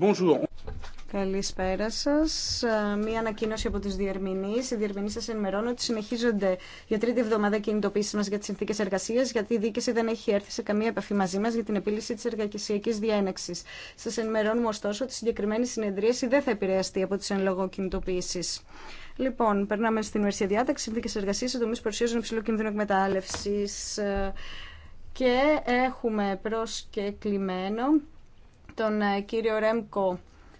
Bonjour. Καλησπέρα σα. Ε, μία ανακοίνωση από του διερμηνεί. Οι διερμηνεί σα ενημερώνουν ότι συνεχίζονται για τρίτη εβδομάδα κινητοποίηση μα για τι συνθήκε εργασία, γιατί η δίκηση δεν έχει έρθει σε καμία επαφή μαζί μα για την επίλυση τη εργασιακή διένεξη. Σα ενημερώνουμε ωστόσο ότι η συγκεκριμένη συνεδρίαση δεν θα επηρεαστεί από τι εν λόγω κινητοποίησει. Λοιπόν, περνάμε στην ημερησία διάταξη. Συνθήκε εργασία σε τομεί παρουσιάζουν υψηλό κίνδυνο εκμετάλλευση. Ε, και έχουμε προσκεκλημένο τον ε, κύριο Ρέμκο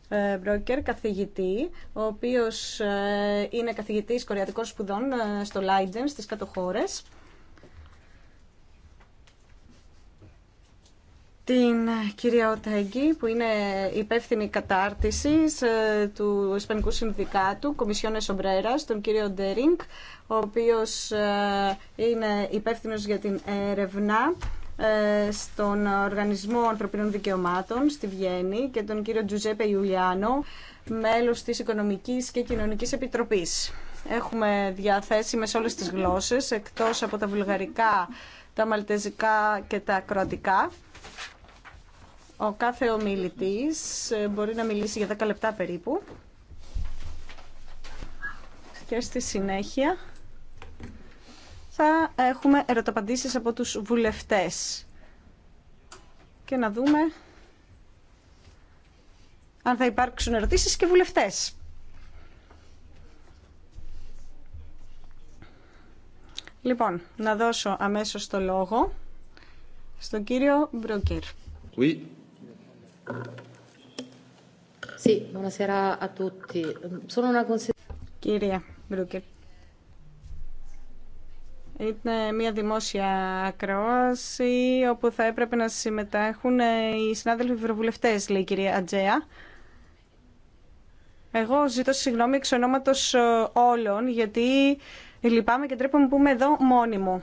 ε, Μπρόκερ, καθηγητή, ο οποίος ε, είναι καθηγητής κορεατικών σπουδών στο Λάιντεν, στις κατοχώρες. την κυρία Οτέγγι που είναι υπεύθυνη κατάρτισης του Ισπανικού Συνδικάτου Κομισιόνε Σομπρέρας, τον κύριο Ντερίνκ, ο οποίος είναι υπεύθυνος για την έρευνα ε, στον Οργανισμό Ανθρωπίνων Δικαιωμάτων στη Βιέννη και τον κύριο Τζουζέπε Ιουλιάνο, μέλος της Οικονομικής και Κοινωνικής Επιτροπής. Έχουμε διαθέσιμες όλες τις γλώσσες, εκτός από τα βουλγαρικά, τα μαλτεζικά και τα κροατικά. Ο κάθε ομιλητής ε, μπορεί να μιλήσει για 10 λεπτά περίπου. Και στη συνέχεια θα έχουμε ερωταπαντήσεις από τους βουλευτές. Και να δούμε αν θα υπάρξουν ερωτήσεις και βουλευτές. Λοιπόν, να δώσω αμέσως το λόγο στον κύριο Μπρούκερ. Oui. Sì, buonasera a tutti. Sono una Κύριε Μπρούκερ, είναι μια δημόσια ακρόαση όπου θα έπρεπε να συμμετέχουν ε, οι συνάδελφοι ευρωβουλευτέ, λέει η κυρία Ατζέα. Εγώ ζητώ συγγνώμη εξ ονόματο ε, όλων γιατί λυπάμαι και τρέπομαι που είμαι εδώ μόνη μου.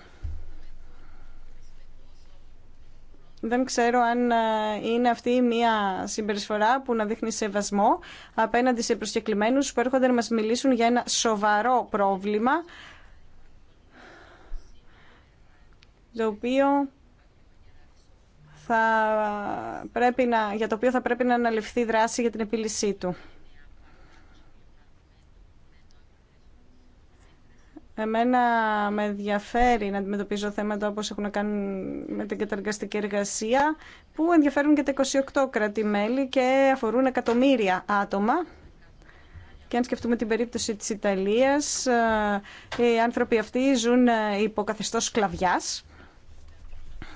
Δεν ξέρω αν ε, είναι αυτή μια συμπεριφορά που να δείχνει σεβασμό απέναντι σε προσκεκλημένους που έρχονται να μας μιλήσουν για ένα σοβαρό πρόβλημα το οποίο θα πρέπει να, για το οποίο θα πρέπει να αναλυφθεί δράση για την επίλυσή του. Εμένα με ενδιαφέρει να αντιμετωπίζω θέματα όπως έχουν να κάνουν με την καταργαστική εργασία που ενδιαφέρουν και τα 28 κράτη-μέλη και αφορούν εκατομμύρια άτομα. Και αν σκεφτούμε την περίπτωση της Ιταλίας, ε, οι άνθρωποι αυτοί ζουν ε, υπό καθεστώς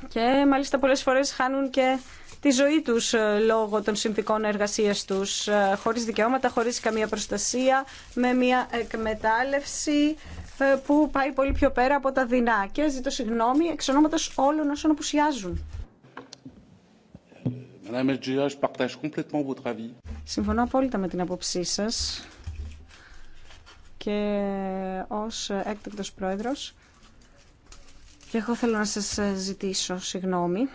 και μάλιστα πολλές φορές χάνουν και τη ζωή τους ε, λόγω των συνθηκών εργασίας τους, ε, χωρίς δικαιώματα, χωρίς καμία προστασία, με μια εκμετάλλευση ε, που πάει πολύ πιο πέρα από τα δεινά. Και ζητώ συγγνώμη εξ ονόματος όλων όσων απουσιάζουν. Συμφωνώ απόλυτα με την άποψή σας και ως έκτακτος πρόεδρος και εγώ θέλω να σας ε, ζητήσω συγγνώμη.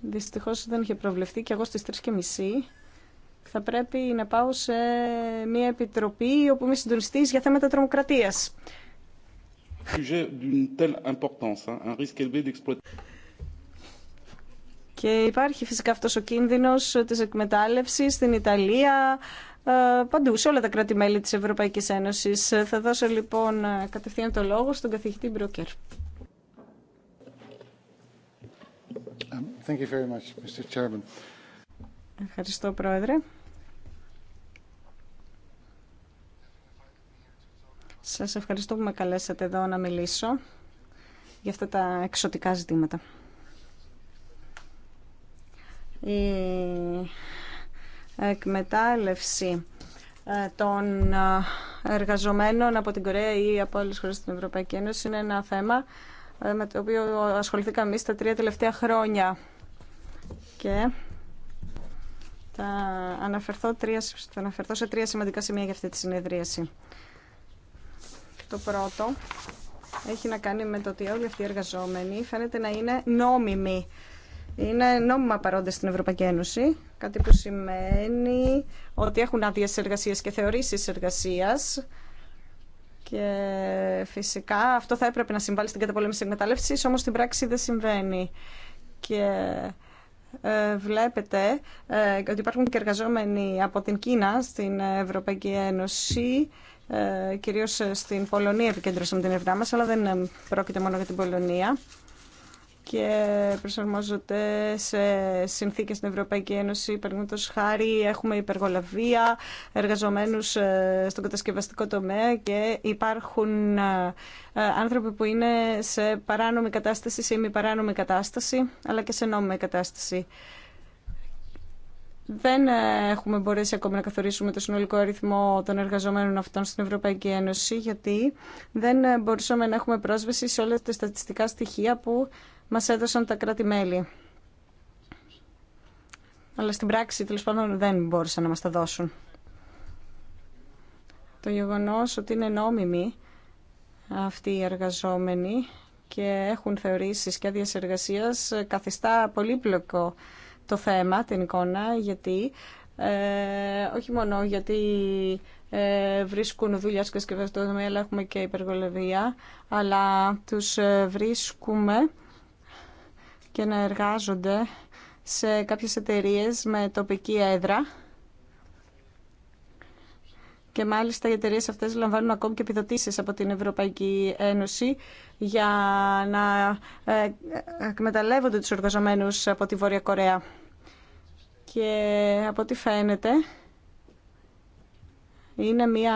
Δυστυχώς δεν είχε προβλεφθεί και εγώ στις 3.30 θα πρέπει να πάω σε μια επιτροπή όπου είμαι συντονιστής για θέματα τρομοκρατίας. Και υπάρχει φυσικά αυτός ο κίνδυνος της εκμετάλλευσης στην Ιταλία, ε, παντού, σε όλα τα κράτη-μέλη της Ευρωπαϊκής Ένωσης. Ε, θα δώσω λοιπόν ε, κατευθείαν το λόγο στον καθηγητή Μπρόκερ. Um, ευχαριστώ, Πρόεδρε. Σας ευχαριστώ που με καλέσατε εδώ να μιλήσω για αυτά τα εξωτικά ζητήματα εκμετάλλευση ε, των ε, εργαζομένων από την Κορέα ή από άλλες χώρες στην Ευρωπαϊκή Ένωση είναι ένα θέμα ε, με το οποίο ασχοληθήκαμε εμείς τα τρία τελευταία χρόνια. Και θα αναφερθώ, τρία, θα αναφερθώ σε τρία σημαντικά σημεία για αυτή τη συνεδρίαση. Το πρώτο έχει να κάνει με το ότι όλοι αυτοί οι εργαζόμενοι φαίνεται να είναι νόμιμοι είναι νόμιμα παρόντες στην Ευρωπαϊκή Ένωση, κάτι που σημαίνει ότι έχουν άδειε εργασία και θεωρήσει εργασία. και φυσικά αυτό θα έπρεπε να συμβάλλει στην καταπολέμηση εκμετάλλευση, όμως στην πράξη δεν συμβαίνει. Και ε, βλέπετε ε, ότι υπάρχουν και εργαζόμενοι από την Κίνα στην Ευρωπαϊκή Ένωση ε, κυρίως στην Πολωνία επικέντρωσαμε την ευρά μας, αλλά δεν πρόκειται μόνο για την Πολωνία και προσαρμόζονται σε συνθήκες στην Ευρωπαϊκή Ένωση. Παραδείγματο χάρη έχουμε υπεργολαβία, εργαζομένους ε, στον κατασκευαστικό τομέα και υπάρχουν ε, ε, άνθρωποι που είναι σε παράνομη κατάσταση, σε μη παράνομη κατάσταση, αλλά και σε νόμιμη κατάσταση. Δεν έχουμε μπορέσει ακόμα να καθορίσουμε το συνολικό αριθμό των εργαζομένων αυτών στην Ευρωπαϊκή Ένωση, γιατί δεν μπορούσαμε να έχουμε πρόσβαση σε όλα τα στατιστικά στοιχεία που μας έδωσαν τα κράτη-μέλη. Αλλά στην πράξη, τέλο πάντων, δεν μπόρεσαν να μας τα δώσουν. Το γεγονός ότι είναι νόμιμοι αυτοί οι εργαζόμενοι και έχουν θεωρήσεις και άδειες εργασίας ε, καθιστά πολύπλοκο το θέμα, την εικόνα, γιατί ε, όχι μόνο γιατί ε, βρίσκουν δουλειά και κατασκευές αλλά έχουμε και υπεργολαβία, αλλά τους ε, βρίσκουμε και να εργάζονται σε κάποιες εταιρείες με τοπική έδρα και μάλιστα οι εταιρείε αυτές λαμβάνουν ακόμη και επιδοτήσεις από την Ευρωπαϊκή Ένωση για να ε, εκμεταλλεύονται τους εργαζομένους από τη Βόρεια Κορέα. Και από ό,τι φαίνεται, είναι μια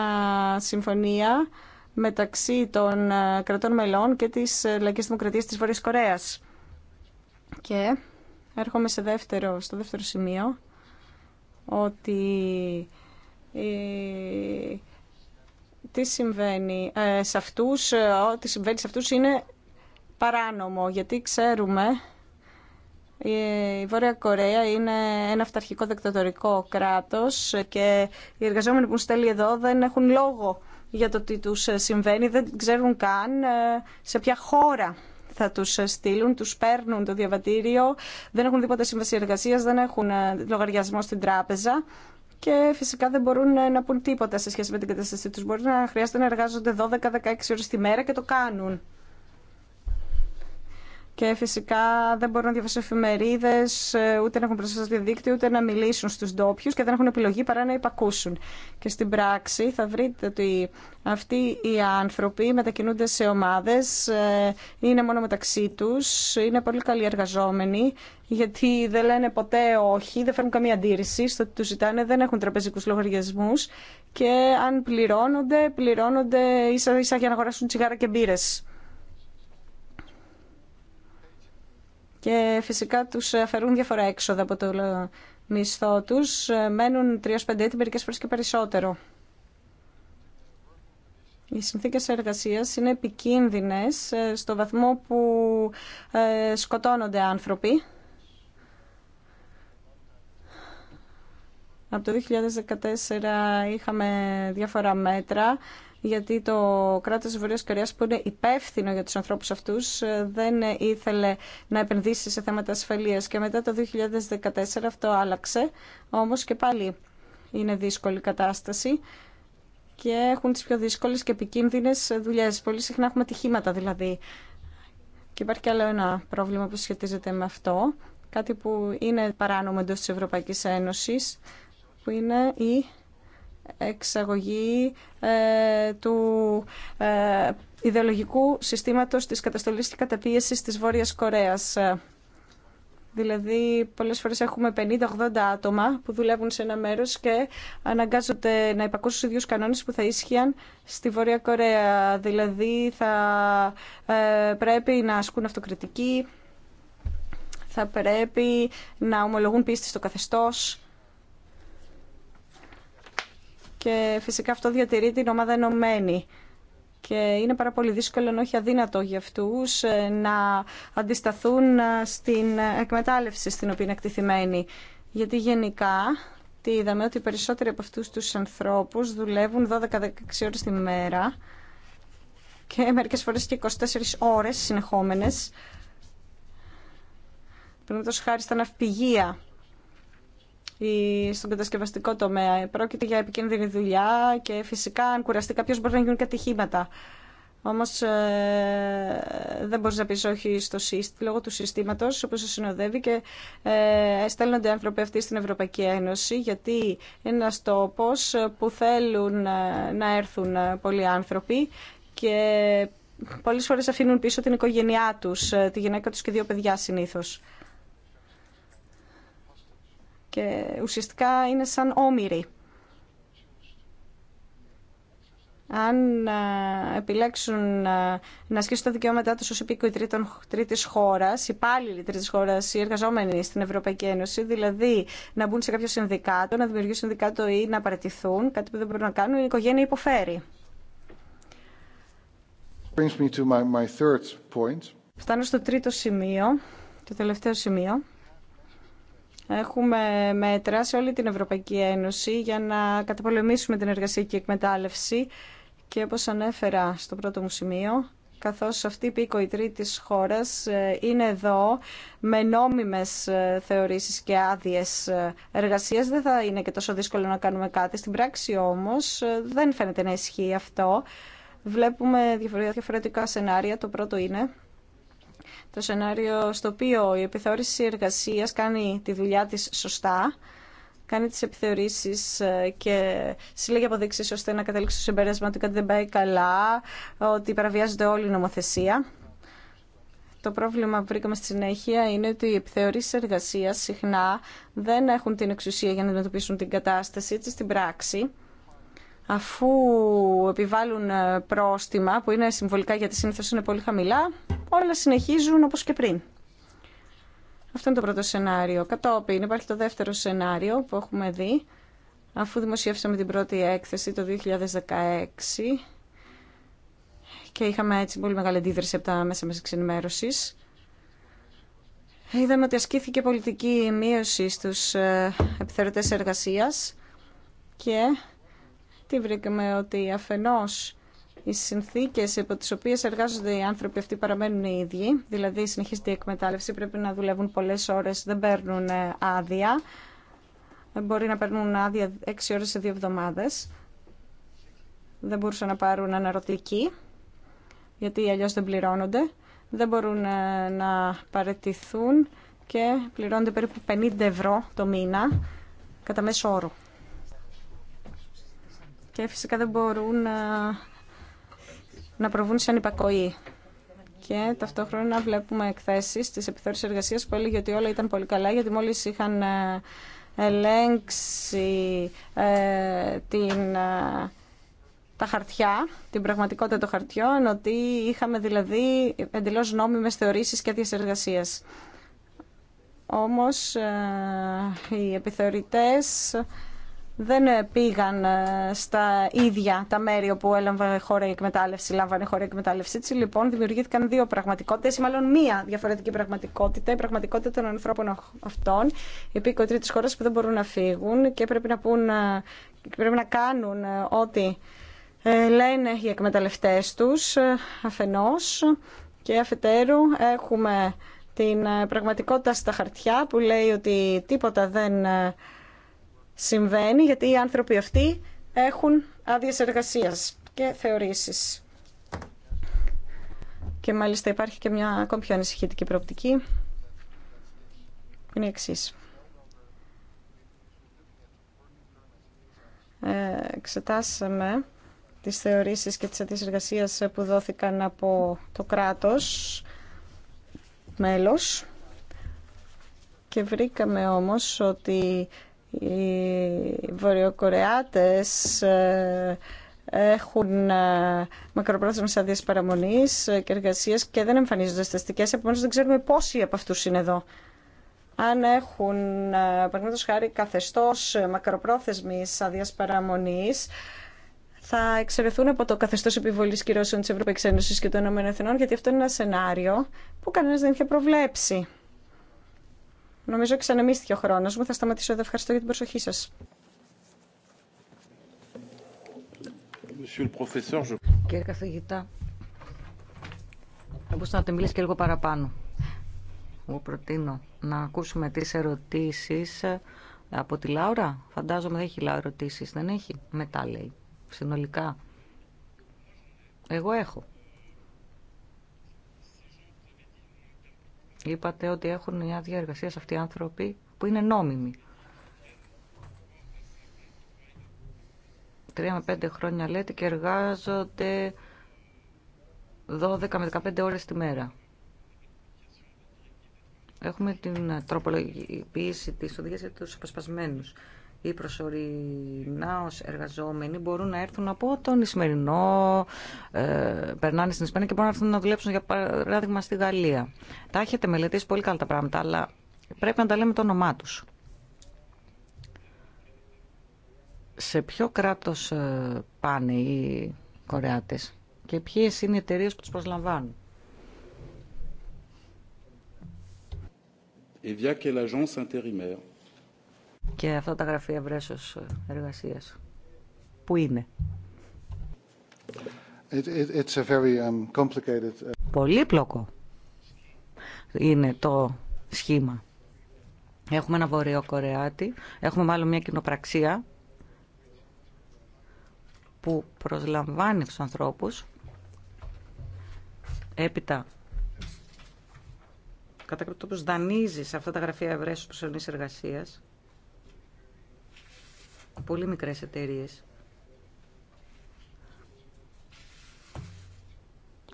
συμφωνία μεταξύ των ε, κρατών μελών και της ε, Λαϊκής Δημοκρατίας της Βόρειας Κορέας. Και έρχομαι σε δεύτερο, στο δεύτερο σημείο ότι ε, τι συμβαίνει σε αυτούς, ε, ό,τι συμβαίνει σε αυτούς είναι παράνομο γιατί ξέρουμε ε, η Βόρεια Κορέα είναι ένα αυταρχικό δεκτατορικό κράτος και οι εργαζόμενοι που στέλνει εδώ δεν έχουν λόγο για το τι τους συμβαίνει, δεν ξέρουν καν σε ποια χώρα θα τους στείλουν, τους παίρνουν το διαβατήριο, δεν έχουν τίποτα σύμβαση εργασία, δεν έχουν ε, λογαριασμό στην τράπεζα και φυσικά δεν μπορούν ε, να πούν τίποτα σε σχέση με την κατάστασή Του Μπορεί να χρειάζεται να εργάζονται 12-16 ώρες τη μέρα και το κάνουν και φυσικά δεν μπορούν να διαβάσουν εφημερίδε, ε, ούτε να έχουν προσθέσει στο διαδίκτυο, ούτε να μιλήσουν στου ντόπιου και δεν έχουν επιλογή παρά να υπακούσουν. Και στην πράξη θα βρείτε ότι αυτοί οι άνθρωποι μετακινούνται σε ομάδε, ε, είναι μόνο μεταξύ του, είναι πολύ καλοί εργαζόμενοι, γιατί δεν λένε ποτέ όχι, δεν φέρνουν καμία αντίρρηση στο ότι του ζητάνε, δεν έχουν τραπεζικού λογαριασμού και αν πληρώνονται, πληρώνονται ίσα ίσα για να αγοράσουν τσιγάρα και μπύρε. και φυσικά τους αφαιρούν διαφορά έξοδα από το μισθό τους. Μένουν 3-5 έτη, μερικές φορές και περισσότερο. Οι συνθήκες εργασίας είναι επικίνδυνες ε, στο βαθμό που ε, σκοτώνονται άνθρωποι. Από το 2014 είχαμε διάφορα μέτρα γιατί το κράτος της που είναι υπεύθυνο για τους ανθρώπους αυτούς ε, δεν ήθελε να επενδύσει σε θέματα ασφαλείας και μετά το 2014 αυτό άλλαξε, όμως και πάλι είναι δύσκολη κατάσταση και έχουν τις πιο δύσκολες και επικίνδυνε δουλειές. Πολύ συχνά έχουμε τυχήματα δηλαδή. Και υπάρχει και άλλο ένα πρόβλημα που σχετίζεται με αυτό, κάτι που είναι παράνομο εντός της Ευρωπαϊκής Ένωσης, που είναι η εξαγωγή ε, του ε, ιδεολογικού συστήματος της καταστολής και καταπίεσης της Βόρειας Κορέας. Δηλαδή, πολλές φορές έχουμε 50-80 άτομα που δουλεύουν σε ένα μέρος και αναγκάζονται να υπακούσουν στους ίδιους κανόνες που θα ίσχυαν στη Βόρεια Κορέα. Δηλαδή, θα ε, πρέπει να ασκούν αυτοκριτική, θα πρέπει να ομολογούν πίστη στο καθεστώς και φυσικά αυτό διατηρεί την ομάδα ενωμένη. Και είναι πάρα πολύ δύσκολο, ενώ όχι αδύνατο για αυτούς, ε, να αντισταθούν ε, στην εκμετάλλευση στην οποία είναι εκτιθυμένοι. Γιατί γενικά τι είδαμε ότι περισσότεροι από αυτούς τους ανθρώπους δουλεύουν 12-16 ώρες τη μέρα και μερικές φορές και 24 ώρες συνεχόμενες. Πριν το χάρη στα ναυπηγεία στον κατασκευαστικό τομέα. Πρόκειται για επικίνδυνη δουλειά και φυσικά αν κουραστεί κάποιος μπορεί να γίνουν κατηχήματα. Όμως ε, δεν μπορείς να πεις όχι στο λόγω του συστήματος όπως σε συνοδεύει και ε, στέλνονται άνθρωποι αυτοί στην Ευρωπαϊκή Ένωση γιατί είναι ένας τόπος που θέλουν ε, να έρθουν ε, πολλοί άνθρωποι και πολλές φορές αφήνουν πίσω την οικογένειά τους, ε, τη γυναίκα τους και δύο παιδιά συνήθως και ουσιαστικά είναι σαν όμοιροι. Αν ε, επιλέξουν ε, να ασκήσουν τα δικαιώματά τους ως υπήκοοι τρίτης χώρας, υπάλληλοι τρίτης χώρας, οι εργαζόμενοι στην Ευρωπαϊκή Ένωση, δηλαδή να μπουν σε κάποιο συνδικάτο, να δημιουργήσουν συνδικάτο ή να παρατηθούν, κάτι που δεν μπορούν να κάνουν, η οικογένεια υποφέρει. Φτάνω στο τρίτο σημείο, το τελευταίο σημείο. Έχουμε μέτρα σε όλη την Ευρωπαϊκή Ένωση για να καταπολεμήσουμε την εργασιακή εκμετάλλευση και όπως ανέφερα στο πρώτο μου σημείο, καθώς αυτή η η τρίτης χώρας ε, είναι εδώ με νόμιμες ε, θεωρήσεις και άδειες ε, εργασίας, δεν θα είναι και τόσο δύσκολο να κάνουμε κάτι. Στην πράξη όμως δεν φαίνεται να ισχύει αυτό. Βλέπουμε διαφορετικά σενάρια. Το πρώτο είναι το σενάριο στο οποίο η επιθεώρηση εργασίας κάνει τη δουλειά της σωστά, κάνει τις επιθεωρήσεις ε, και συλλέγει αποδείξεις ώστε να καταλήξει στο συμπέρασμα ότι κάτι δεν πάει καλά, ότι παραβιάζεται όλη η νομοθεσία. Το πρόβλημα που βρήκαμε στη συνέχεια είναι ότι οι επιθεωρήσει εργασία συχνά δεν έχουν την εξουσία για να αντιμετωπίσουν την κατάσταση έτσι στην πράξη αφού επιβάλλουν ε, πρόστιμα που είναι συμβολικά γιατί συνήθω είναι πολύ χαμηλά, όλα συνεχίζουν όπως και πριν. Αυτό είναι το πρώτο σενάριο. Κατόπιν υπάρχει το δεύτερο σενάριο που έχουμε δει, αφού δημοσιεύσαμε την πρώτη έκθεση το 2016 και είχαμε έτσι πολύ μεγάλη αντίδραση από τα μέσα μας εξενημέρωσης. Είδαμε ότι ασκήθηκε πολιτική μείωση στους ε, επιθερωτές εργασίας και τι βρήκαμε ότι αφενός οι συνθήκες υπό τις οποίες εργάζονται οι άνθρωποι αυτοί παραμένουν οι ίδιοι, δηλαδή συνεχίζεται η εκμετάλλευση, πρέπει να δουλεύουν πολλές ώρες, δεν παίρνουν ε, άδεια, ε, μπορεί να παίρνουν άδεια έξι ώρες σε δύο εβδομάδες, δεν μπορούσαν να πάρουν αναρωτική, γιατί αλλιώς δεν πληρώνονται, δεν μπορούν ε, να παρετηθούν και πληρώνονται περίπου 50 ευρώ το μήνα κατά μέσο όρο και φυσικά δεν μπορούν να, να προβούν σε ανυπακοή. Και ταυτόχρονα βλέπουμε εκθέσει τη επιθεώρηση εργασία που έλεγε ότι όλα ήταν πολύ καλά γιατί μόλις είχαν ε, ελέγξει ε, την, ε, τα χαρτιά, την πραγματικότητα των χαρτιών, ότι είχαμε δηλαδή εντελώς νόμιμες θεωρήσεις και τις εργασίας. Όμως οι επιθεωρητές δεν ε, πήγαν ε, στα ίδια τα μέρη όπου έλαβαν χώρα η εκμετάλλευση, λάμβανε χώρα η εκμετάλλευση. Έτσι λοιπόν δημιουργήθηκαν δύο πραγματικότητε, ή μάλλον μία διαφορετική πραγματικότητα, η πραγματικότητα των ανθρώπων αυτών, οι κοτρεί τη χώρα που δεν μπορούν να φύγουν και πρέπει να, πούν, ε, πρέπει να κάνουν ό,τι λένε οι εκμεταλλευτέ του αφενό και αφετέρου έχουμε την πραγματικότητα στα χαρτιά που λέει ότι τίποτα δεν συμβαίνει γιατί οι άνθρωποι αυτοί έχουν άδειε εργασία και θεωρήσεις. Και μάλιστα υπάρχει και μια ακόμη πιο ανησυχητική προοπτική. Είναι εξή. Ε, εξετάσαμε τις θεωρήσεις και τις άδειες εργασίας που δόθηκαν από το κράτος μέλος και βρήκαμε όμως ότι οι Βορειοκορεάτες ε, έχουν ε, μακροπρόθεσμε άδειε παραμονή ε, και εργασία και δεν εμφανίζονται στι επομένως Επομένω, δεν ξέρουμε πόσοι από αυτού είναι εδώ. Αν έχουν, παραδείγματο χάρη, καθεστώ μακροπρόθεσμη άδεια παραμονή, θα εξαιρεθούν από το καθεστώ επιβολή κυρώσεων τη Ευρωπαϊκή Ένωση και των ΗΠΑ, γιατί αυτό είναι ένα σενάριο που κανένα δεν είχε προβλέψει. Νομίζω ξανεμίστηκε ο χρόνο μου. Θα σταματήσω εδώ. Ευχαριστώ για την προσοχή σα. Κύριε καθηγητά, θα μπορούσα να τη μιλήσει και λίγο παραπάνω. Εγώ προτείνω να ακούσουμε τι ερωτήσει από τη Λάουρα. Φαντάζομαι δεν έχει Λάουρα ερωτήσει. Δεν έχει. Μετά λέει. Συνολικά. Εγώ έχω. Είπατε ότι έχουν μια διαργασία σε αυτοί οι άνθρωποι που είναι νόμιμοι. Τρία με πέντε χρόνια λέτε και εργάζονται 12 με 15 ώρες τη μέρα. Έχουμε την τροπολογική της οδηγίας για τους απασπασμένους οι προσωρινά ω εργαζόμενοι μπορούν να έρθουν από τον Ισημερινό, ε, περνάνε στην Ισπανία και μπορούν να έρθουν να δουλέψουν για παράδειγμα στη Γαλλία. Τα έχετε μελετήσει πολύ καλά τα πράγματα, αλλά πρέπει να τα λέμε το όνομά του. Σε ποιο κράτος ε, πάνε οι Κορεάτες και ποιε είναι οι εταιρείε που του προσλαμβάνουν. Et via quelle agence intérimaire και αυτά τα γραφεία βρέσος ε, εργασίας. Πού είναι? It, πλοκο um, uh, Πολύπλοκο είναι το σχήμα. Έχουμε ένα βορειοκορεατι έχουμε μάλλον μια κοινοπραξία που προσλαμβάνει τους ανθρώπους έπειτα κατά κάποιο τρόπο δανείζει σε αυτά τα γραφεία ευρέσου προσωρινής εργασίας πολύ μικρές εταιρείες.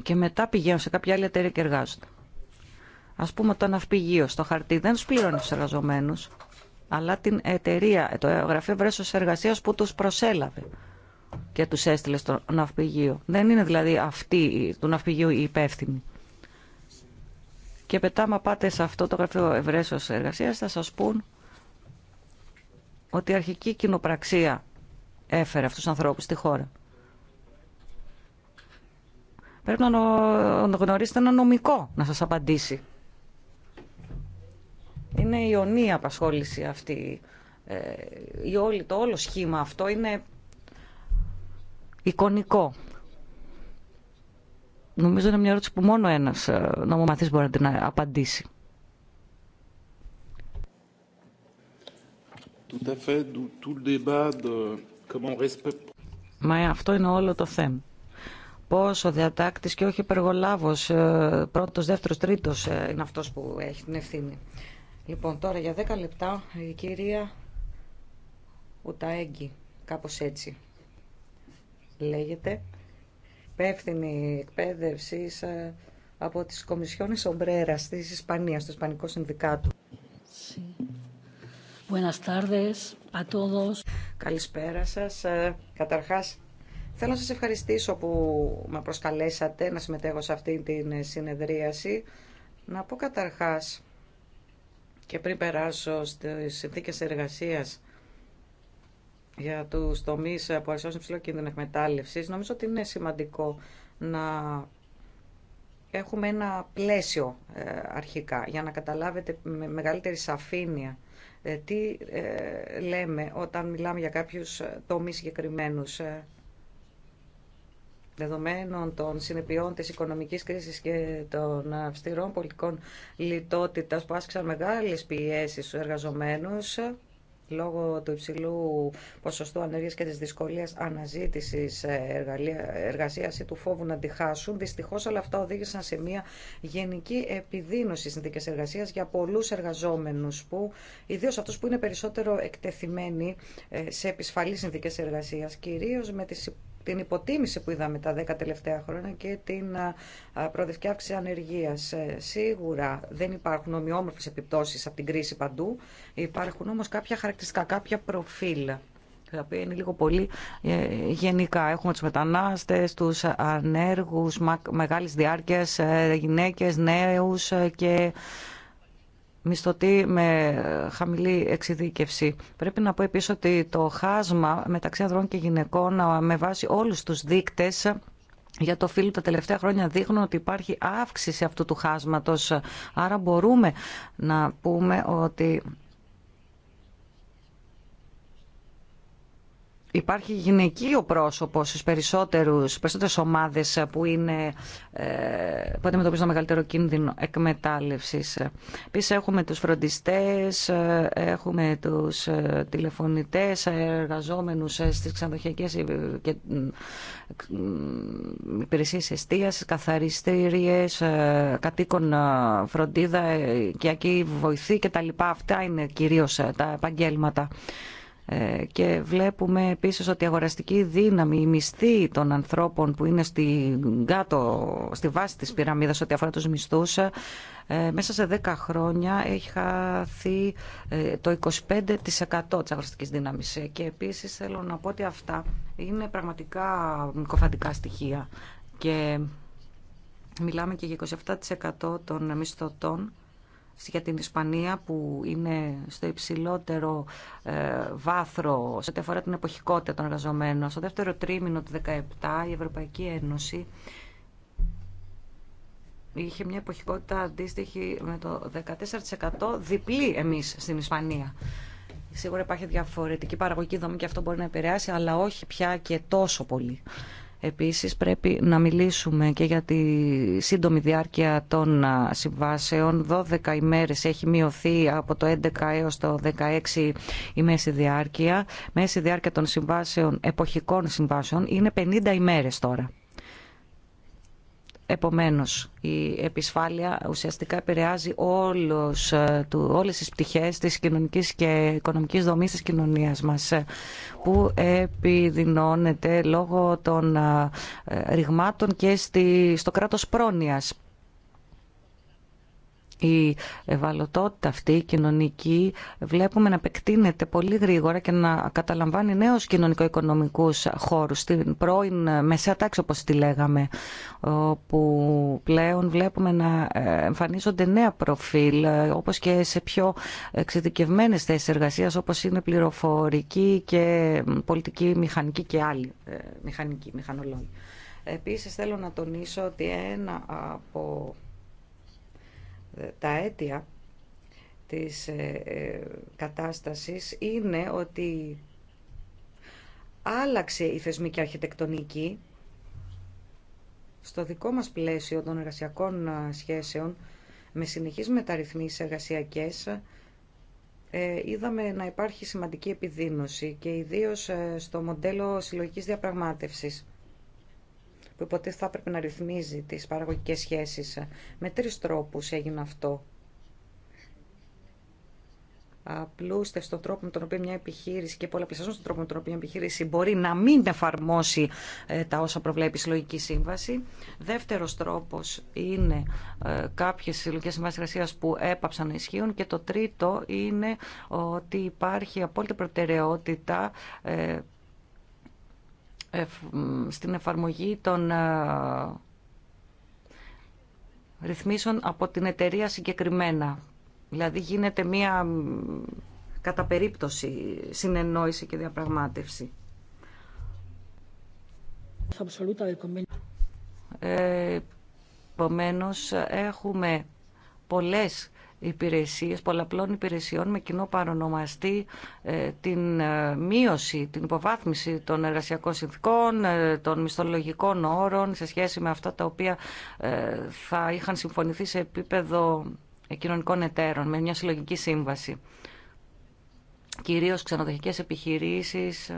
Και μετά πηγαίνουν σε κάποια άλλη εταιρεία και εργάζονται. Ας πούμε το ναυπηγείο στο χαρτί δεν του πληρώνει του εργαζόμενου. αλλά την εταιρεία, το γραφείο βρέσεω εργασία που τους προσέλαβε και τους έστειλε στο ναυπηγείο. Δεν είναι δηλαδή αυτή του ναυπηγείου η υπεύθυνη. Και μετά, άμα πάτε σε αυτό το γραφείο ευρέσεως εργασία θα σα πούν ότι η αρχική κοινοπραξία έφερε αυτούς τους ανθρώπους στη χώρα. Πρέπει να γνωρίσετε ένα νομικό να σας απαντήσει. Είναι η απασχόληση αυτή. Ε, η το όλο σχήμα αυτό είναι εικονικό. Νομίζω είναι μια ερώτηση που μόνο ένας ε, νομομαθής μπορεί να την απαντήσει. Tout à fait, tout le débat de comment Μα ε, αυτό είναι όλο το θέμα. Πώς ο διατάκτης και όχι υπεργολάβος, ε, πρώτος, δεύτερος, τρίτος ε, είναι αυτός που έχει την ευθύνη. Λοιπόν, τώρα για 10 λεπτά η κυρία Ουταέγγι, κάπως έτσι λέγεται, υπεύθυνη εκπαίδευση από τις Κομισιόνες Ομπρέρας της Ισπανίας, του Ισπανικού Συνδικάτου. Buenas tardes a todos. Καλησπέρα σας. Ε, καταρχάς, θέλω να σας ευχαριστήσω που με προσκαλέσατε να συμμετέχω σε αυτή την συνεδρίαση. Να πω καταρχάς, και πριν περάσω στις συνθήκες εργασίας για τους τομείς που αριστερώνουν υψηλό κίνδυνο εκμετάλλευσης, νομίζω ότι είναι σημαντικό να έχουμε ένα πλαίσιο ε, αρχικά για να καταλάβετε με μεγαλύτερη σαφήνεια ε, τι ε, λέμε όταν μιλάμε για κάποιους ε, τομείς συγκεκριμένου δεδομένων των συνεπειών της οικονομικής κρίσης και των αυστηρών πολιτικών λιτότητας που άσκησαν μεγάλες πιέσεις στους εργαζομένους λόγω του υψηλού ποσοστού Ανέργεια και της δυσκολίας αναζήτησης ε, εργασίας ή του φόβου να τη χάσουν. Δυστυχώς όλα αυτά οδήγησαν σε μια γενική επιδείνωση συνθήκες εργασίας για πολλούς εργαζόμενους που, ιδίως αυτούς που είναι περισσότερο εκτεθειμένοι ε, σε επισφαλείς συνθήκες εργασίας, κυρίως με τις την υποτίμηση που είδαμε τα δέκα τελευταία χρόνια και την προοδευτική αύξηση ανεργία. Ε, σίγουρα δεν υπάρχουν ομοιόμορφε επιπτώσει από την κρίση παντού. Υπάρχουν όμω κάποια χαρακτηριστικά, κάποια προφίλ τα οποία είναι λίγο πολύ ε, γενικά. Έχουμε του μετανάστες, τους ανέργους, μεγάλης διάρκειας, ε, γυναίκες, νέου και Μισθωτή με χαμηλή εξειδίκευση. Πρέπει να πω επίσης ότι το χάσμα μεταξύ ανδρών και γυναικών με βάση όλου τους δείκτες για το φίλο τα τελευταία χρόνια δείχνουν ότι υπάρχει αύξηση αυτού του χάσματος. Άρα μπορούμε να πούμε ότι υπάρχει γυναικείο πρόσωπο στις περισσότερους, περισσότερες ομάδες που, είναι, ε, που αντιμετωπίζουν μεγαλύτερο κίνδυνο εκμετάλλευσης. Επίση έχουμε τους φροντιστές, ε, έχουμε τους ε, τηλεφωνητές, εργαζόμενους στις ξενοδοχειακές και υπηρεσίες εστίασης, καθαριστήριες, κατοίκων φροντίδα, οικιακή βοηθή κτλ. Αυτά είναι κυρίως τα επαγγέλματα. Ε, και βλέπουμε επίσης ότι η αγοραστική δύναμη, η μισθή των ανθρώπων που είναι στη, γάτο στη βάση της πυραμίδας ό,τι αφορά τους μισθούς, ε, μέσα σε 10 χρόνια έχει χαθεί ε, το 25% της αγοραστικής δύναμης. Και επίσης θέλω να πω ότι αυτά είναι πραγματικά κοφαντικά στοιχεία. Και μιλάμε και για 27% των μισθωτών για την Ισπανία που είναι στο υψηλότερο ε, βάθρο σε ό,τι αφορά την εποχικότητα των εργαζομένων. Στο δεύτερο τρίμηνο του 2017 η Ευρωπαϊκή Ένωση είχε μια εποχικότητα αντίστοιχη με το 14% διπλή εμείς στην Ισπανία. Σίγουρα υπάρχει διαφορετική παραγωγική δομή και αυτό μπορεί να επηρεάσει, αλλά όχι πια και τόσο πολύ. Επίσης πρέπει να μιλήσουμε και για τη σύντομη διάρκεια των συμβάσεων. 12 ημέρες έχει μειωθεί από το 11 έως το 16 η μέση διάρκεια. Μέση διάρκεια των συμβάσεων, εποχικών συμβάσεων, είναι 50 ημέρες τώρα. Επομένως, η επισφάλεια ουσιαστικά επηρεάζει όλους, ε, του, όλες τις πτυχές της κοινωνικής και οικονομικής δομής της κοινωνίας μας ε, που επιδεινώνεται λόγω των ε, ρηγμάτων και στο κράτος πρόνοιας η ευαλωτότητα αυτή, η κοινωνική, βλέπουμε να επεκτείνεται πολύ γρήγορα και να καταλαμβάνει νέους κοινωνικο-οικονομικούς χώρους, στην πρώην μεσαία τάξη όπως τη λέγαμε, όπου πλέον βλέπουμε να ε, εμφανίζονται νέα προφίλ, ε, όπως και σε πιο εξειδικευμένε θέσει εργασία, όπως είναι πληροφορική και πολιτική, μηχανική και άλλη ε, μηχανική, μηχανολόγη. Επίσης θέλω να τονίσω ότι ένα από ε, τα αίτια της ε, ε, κατάστασης είναι ότι άλλαξε η θεσμική αρχιτεκτονική στο δικό μας πλαίσιο των εργασιακών σχέσεων με συνεχείς μεταρρυθμίσεις εργασιακές είδαμε να υπάρχει σημαντική επιδείνωση και ιδίως στο μοντέλο συλλογικής διαπραγμάτευσης που υποτίθεται θα έπρεπε να ρυθμίζει τις παραγωγικές σχέσεις. Με τρεις τρόπους έγινε αυτό. Απλούστε στον τρόπο με τον οποίο μια επιχείρηση και πολλαπλησιασμό στον τρόπο με τον οποίο μια επιχείρηση μπορεί να μην εφαρμόσει ε, τα όσα προβλέπει η συλλογική σύμβαση. Δεύτερο τρόπο είναι ε, κάποιε συλλογικέ συμβάσει εργασία που έπαψαν να ισχύουν. Και το τρίτο είναι ότι υπάρχει απόλυτη προτεραιότητα ε, στην εφαρμογή των ε, ρυθμίσεων από την εταιρεία συγκεκριμένα. Δηλαδή γίνεται μία κατά περίπτωση συνεννόηση και διαπραγμάτευση. Ε, Επομένω, έχουμε πολλές υπηρεσίες, πολλαπλών υπηρεσιών με κοινό παρονομαστή ε, την ε, μείωση, την υποβάθμιση των εργασιακών συνθήκων, ε, των μισθολογικών όρων σε σχέση με αυτά τα οποία θα είχαν συμφωνηθεί σε επίπεδο κοινωνικών εταίρων με μια συλλογική σύμβαση. Κυρίως ξενοδοχικές επιχειρήσεις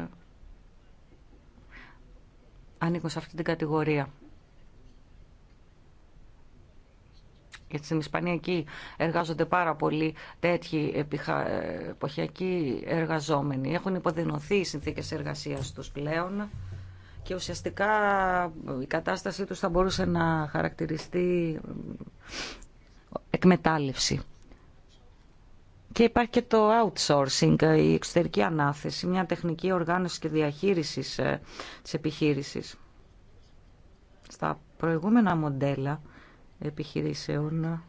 ανήκουν σε αυτή την κατηγορία. γιατί στην Ισπανία εκεί εργάζονται πάρα πολλοί τέτοιοι εποχιακοί εργαζόμενοι. Έχουν υποδεινωθεί οι συνθήκες εργασίας τους πλέον και ουσιαστικά η κατάστασή τους θα μπορούσε να χαρακτηριστεί ε, εκμετάλλευση. Και υπάρχει και το outsourcing, η εξωτερική ανάθεση, μια τεχνική οργάνωση και διαχείριση ε, της επιχείρησης. Στα προηγούμενα μοντέλα επιχειρήσεων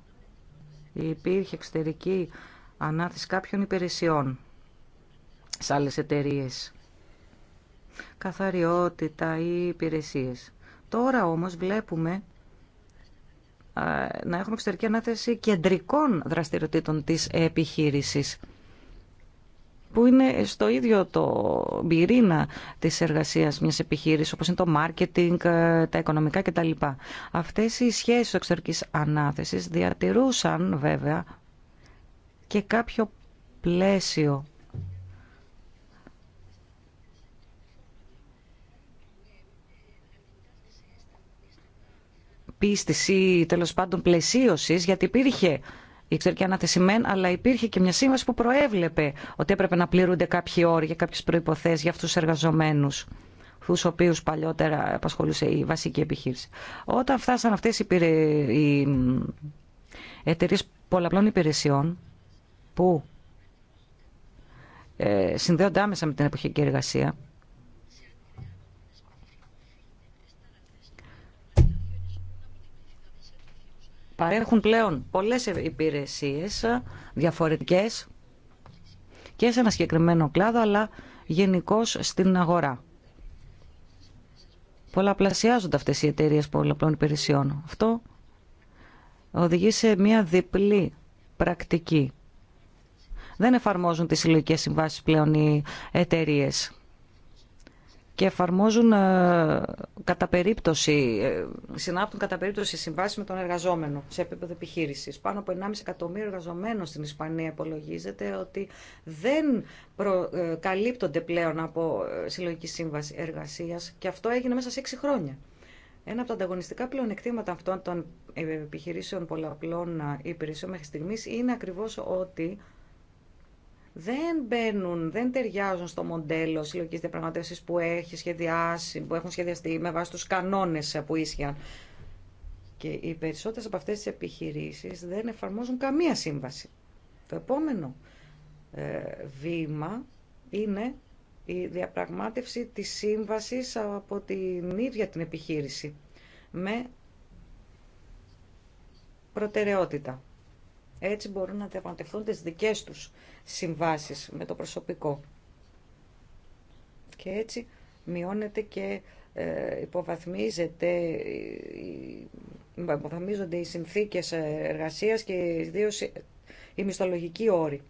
υπήρχε εξωτερική ανάθεση κάποιων υπηρεσιών σε άλλες εταιρείες. Καθαριότητα ή υπηρεσίες. Τώρα όμως βλέπουμε ε, να έχουμε εξωτερική ανάθεση κεντρικών δραστηριοτήτων της επιχείρησης που είναι στο ίδιο το πυρήνα της εργασία μια επιχείρησης, όπως είναι το μάρκετινγκ, τα οικονομικά κτλ. Αυτές οι σχέσεις εξωτερική ανάθεσης διατηρούσαν βέβαια και κάποιο πλαίσιο πίστηση ή τέλος πάντων πλαισίωσης, γιατί υπήρχε Ήξερε και αλλά υπήρχε και μια σύμβαση που προέβλεπε ότι έπρεπε να πληρούνται κάποιοι όροι για κάποιε προποθέσει για αυτού του εργαζομένου του οποίους παλιότερα απασχολούσε η βασική επιχείρηση. Όταν φτάσαν αυτές οι, πυρε... οι εταιρείε πολλαπλών υπηρεσιών που ε, συνδέονται άμεσα με την εποχική εργασία, παρέχουν πλέον πολλές υπηρεσίες διαφορετικές και σε ένα συγκεκριμένο κλάδο αλλά γενικώ στην αγορά. Πολλαπλασιάζονται αυτές οι εταιρείες πολλαπλών υπηρεσιών. Αυτό οδηγεί σε μια διπλή πρακτική. Δεν εφαρμόζουν τις συλλογικές συμβάσεις πλέον οι εταιρείε και εφαρμόζουν ε, κατά περίπτωση, ε, συνάπτουν κατά περίπτωση συμβάσει με τον εργαζόμενο σε επίπεδο επιχείρηση. Πάνω από 1,5 εκατομμύριο εργαζομένων στην Ισπανία υπολογίζεται ότι δεν προ, ε, καλύπτονται πλέον από συλλογική σύμβαση εργασία και αυτό έγινε μέσα σε 6 χρόνια. Ένα από τα ανταγωνιστικά πλεονεκτήματα αυτών των επιχειρήσεων πολλαπλών υπηρεσιών μέχρι στιγμή είναι ακριβώ ότι δεν μπαίνουν, δεν ταιριάζουν στο μοντέλο συλλογική διαπραγματεύση που, έχει σχεδιάσει, που έχουν σχεδιαστεί με βάση του κανόνε που ίσχυαν. Και οι περισσότερε από αυτέ τι επιχειρήσει δεν εφαρμόζουν καμία σύμβαση. Το επόμενο ε, βήμα είναι η διαπραγμάτευση της σύμβασης από την ίδια την επιχείρηση με προτεραιότητα. Έτσι μπορούν να διαπραγματευτούν τις δικές τους συμβάσεις με το προσωπικό. Και έτσι μειώνεται και ε, υποβαθμίζονται οι συνθήκες εργασίας και ιδίω οι μισθολογικοί όροι.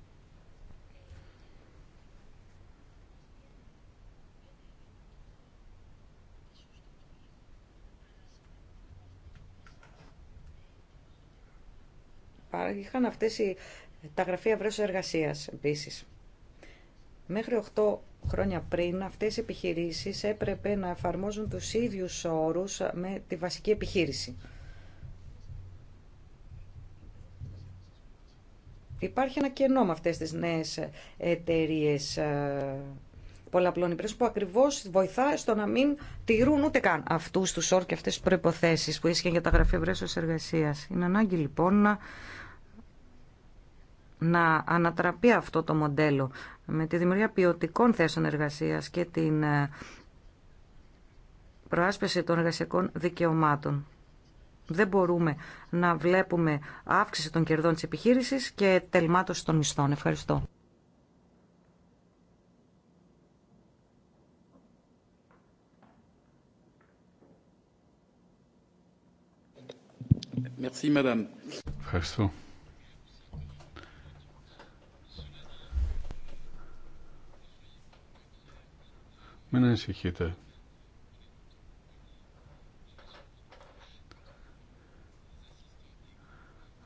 Είχαν αυτές οι, τα γραφεία βρέσου εργασίας επίσης. Μέχρι 8 χρόνια πριν αυτές οι επιχειρήσεις έπρεπε να εφαρμόζουν τους ίδιους όρους με τη βασική επιχείρηση. Υπάρχει ένα κενό με αυτές τις νέες εταιρείε ε, πολλαπλών υπηρεσιών που ακριβώς βοηθά στο να μην τηρούν ούτε καν αυτούς τους όρους και αυτές τις προϋποθέσεις που ίσχυαν για τα γραφεία βρέσεως εργασίας. Είναι ανάγκη λοιπόν να να ανατραπεί αυτό το μοντέλο με τη δημιουργία ποιοτικών θέσεων εργασίας και την ε, προάσπιση των εργασιακών δικαιωμάτων. Δεν μπορούμε να βλέπουμε αύξηση των κερδών της επιχείρησης και τελμάτωση των μισθών. Ευχαριστώ. Ευχαριστώ. Μην ανησυχείτε.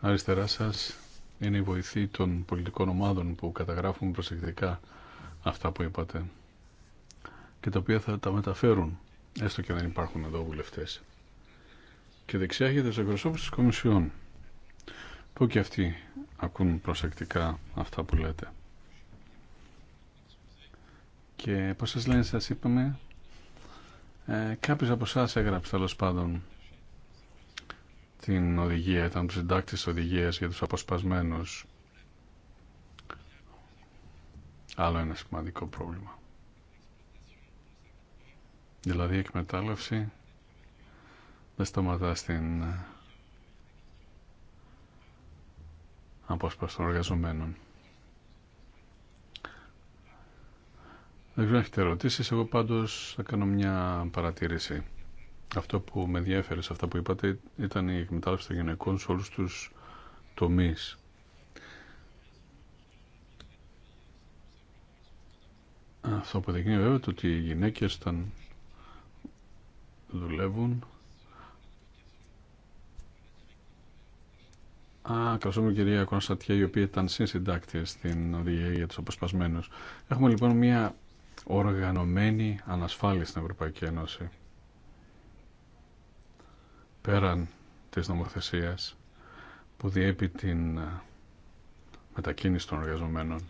Αριστερά σας είναι η βοηθή των πολιτικών ομάδων που καταγράφουν προσεκτικά αυτά που είπατε και τα οποία θα τα μεταφέρουν έστω και δεν υπάρχουν εδώ βουλευτέ. Και δεξιά έχετε του εκπροσώπου τη Κομισιόν, που και αυτοί ακούν προσεκτικά αυτά που λέτε και πώς σας λένε σας είπαμε ε, κάποιος από εσά έγραψε τέλο πάντων την οδηγία, ήταν του συντάκτη τη οδηγία για του αποσπασμένου. Άλλο ένα σημαντικό πρόβλημα. Δηλαδή η εκμετάλλευση δεν σταματά στην ε, απόσπαση των εργαζομένων. Δεν ξέρω αν έχετε ερωτήσει. Εγώ πάντω θα κάνω μια παρατήρηση. Αυτό που με ενδιαφέρει σε αυτά που είπατε ήταν η εκμετάλλευση των γυναικών σε όλου του τομεί. Αυτό που δείχνει βέβαια το ότι οι γυναίκε όταν δουλεύουν. Α, καλωσόμουν κυρία Κωνσταντιέ, η οποία ήταν συνσυντάκτη στην οδηγία για του αποσπασμένου. Έχουμε λοιπόν μια οργανωμένη ανασφάλεια στην Ευρωπαϊκή Ένωση. Πέραν της νομοθεσίας που διέπει την ε, μετακίνηση των εργαζομένων.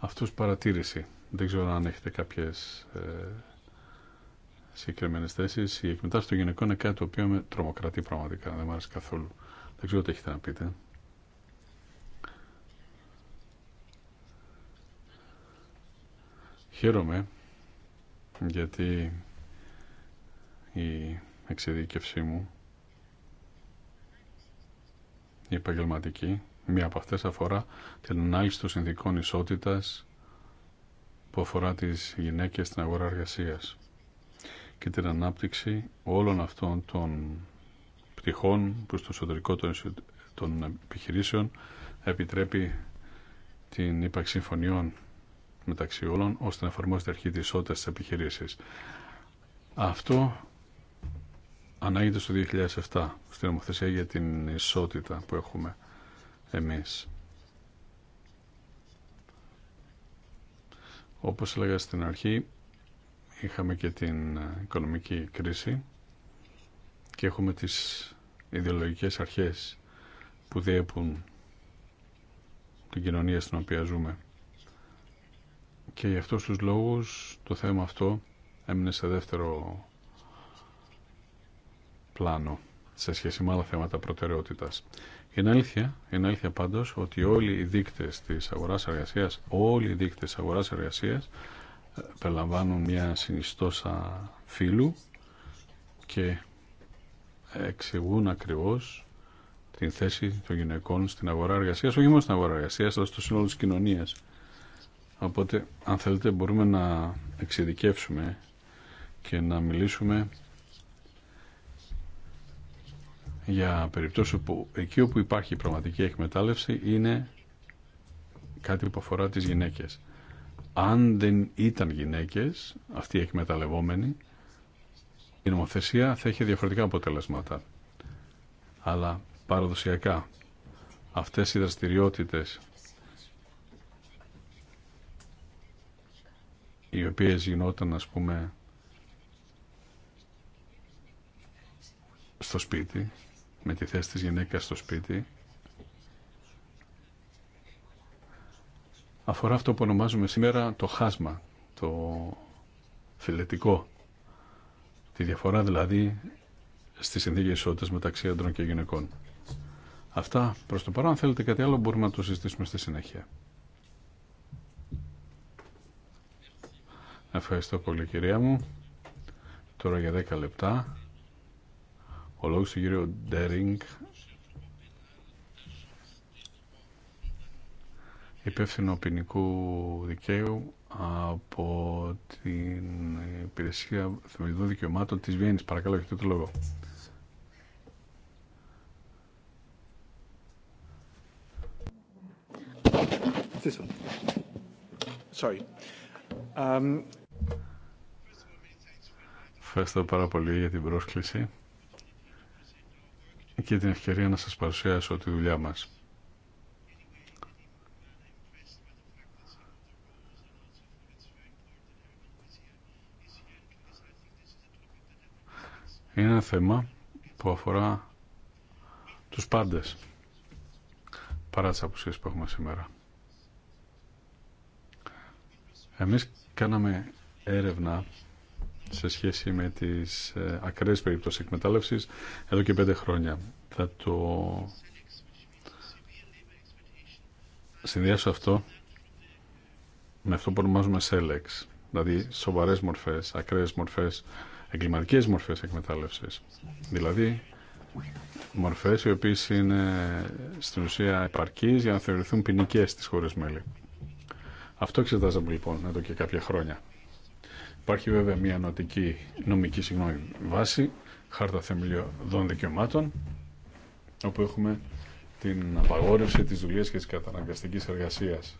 Αυτούς παρατήρηση. Δεν ξέρω αν έχετε κάποιες ε, συγκεκριμένες θέσεις. Η εκμετάλλευση των γυναικών είναι κάτι το οποίο με τρομοκρατεί πραγματικά. Δεν μου αρέσει καθόλου. Δεν ξέρω τι έχετε να πείτε. Χαίρομαι γιατί η εξειδίκευσή μου η επαγγελματική μία από αυτές αφορά την ανάλυση των συνδικών ισότητας που αφορά τις γυναίκες στην αγορά εργασίας και την ανάπτυξη όλων αυτών των πτυχών που στο εσωτερικό των επιχειρήσεων επιτρέπει την ύπαρξη συμφωνιών μεταξύ όλων ώστε να εφαρμόζεται αρχή της ισότητας τη επιχειρήση. Αυτό ανάγεται στο 2007 στην Ομοθεσία για την ισότητα που έχουμε εμείς. Όπως έλεγα στην αρχή, είχαμε και την οικονομική κρίση και έχουμε τις ιδεολογικές αρχές που διέπουν την κοινωνία στην οποία ζούμε. Και γι' αυτούς τους λόγους το θέμα αυτό έμεινε σε δεύτερο πλάνο σε σχέση με άλλα θέματα προτεραιότητας. Είναι αλήθεια, είναι αλήθεια πάντως ότι όλοι οι δείκτες της αγοράς εργασίας, όλοι οι δείκτες της αγοράς εργασίας ε, περιλαμβάνουν μια συνιστόσα φύλου και εξηγούν ακριβώς την θέση των γυναικών στην αγορά εργασίας, όχι μόνο στην αγορά εργασίας, αλλά στο σύνολο της κοινωνίας. Οπότε, αν θέλετε, μπορούμε να εξειδικεύσουμε και να μιλήσουμε για περιπτώσεις που εκεί όπου υπάρχει πραγματική εκμετάλλευση είναι κάτι που αφορά τις γυναίκες. Αν δεν ήταν γυναίκες, αυτοί οι εκμεταλλευόμενοι, η νομοθεσία θα είχε διαφορετικά αποτελέσματα. Αλλά παραδοσιακά αυτές οι δραστηριότητες οι οποίες γινόταν ας πούμε στο σπίτι με τη θέση της γυναίκας στο σπίτι αφορά αυτό που ονομάζουμε σήμερα το χάσμα, το φιλετικό. Τη διαφορά δηλαδή στις συνθήκες ισότητας μεταξύ άντρων και γυναικών. Αυτά προς το παρόν. Αν θέλετε κάτι άλλο μπορούμε να το συζητήσουμε στη συνέχεια. Ευχαριστώ πολύ κυρία μου. Τώρα για 10 λεπτά. Ο λόγος του κύριου Ντέρινγκ υπεύθυνο ποινικού δικαίου από την Υπηρεσία Θεμελιδών Δικαιωμάτων της Βιέννης. Παρακαλώ, έχετε το λόγο. Sorry. Ευχαριστώ πάρα πολύ για την πρόσκληση και την ευκαιρία να σας παρουσιάσω τη δουλειά μας. Είναι ένα θέμα που αφορά τους πάντες παρά τις απουσίες που έχουμε σήμερα. Εμείς κάναμε έρευνα σε σχέση με τις ε, ακραίες περιπτώσεις εκμετάλλευσης εδώ και πέντε χρόνια. Θα το συνδυάσω αυτό με αυτό που ονομάζουμε Selex, δηλαδή σοβαρές μορφές, ακραίες μορφές, εγκληματικές μορφές εκμετάλλευσης. Δηλαδή μορφές οι οποίες είναι στην ουσία επαρκείς για να θεωρηθούν ποινικέ στις χώρες μέλη. Αυτό εξετάζαμε λοιπόν εδώ και κάποια χρόνια. Υπάρχει βέβαια μια νοτική νομική συγγνώμη, βάση, χάρτα θεμελιωδών δικαιωμάτων, όπου έχουμε την απαγόρευση της δουλείας και της καταναγκαστικής εργασίας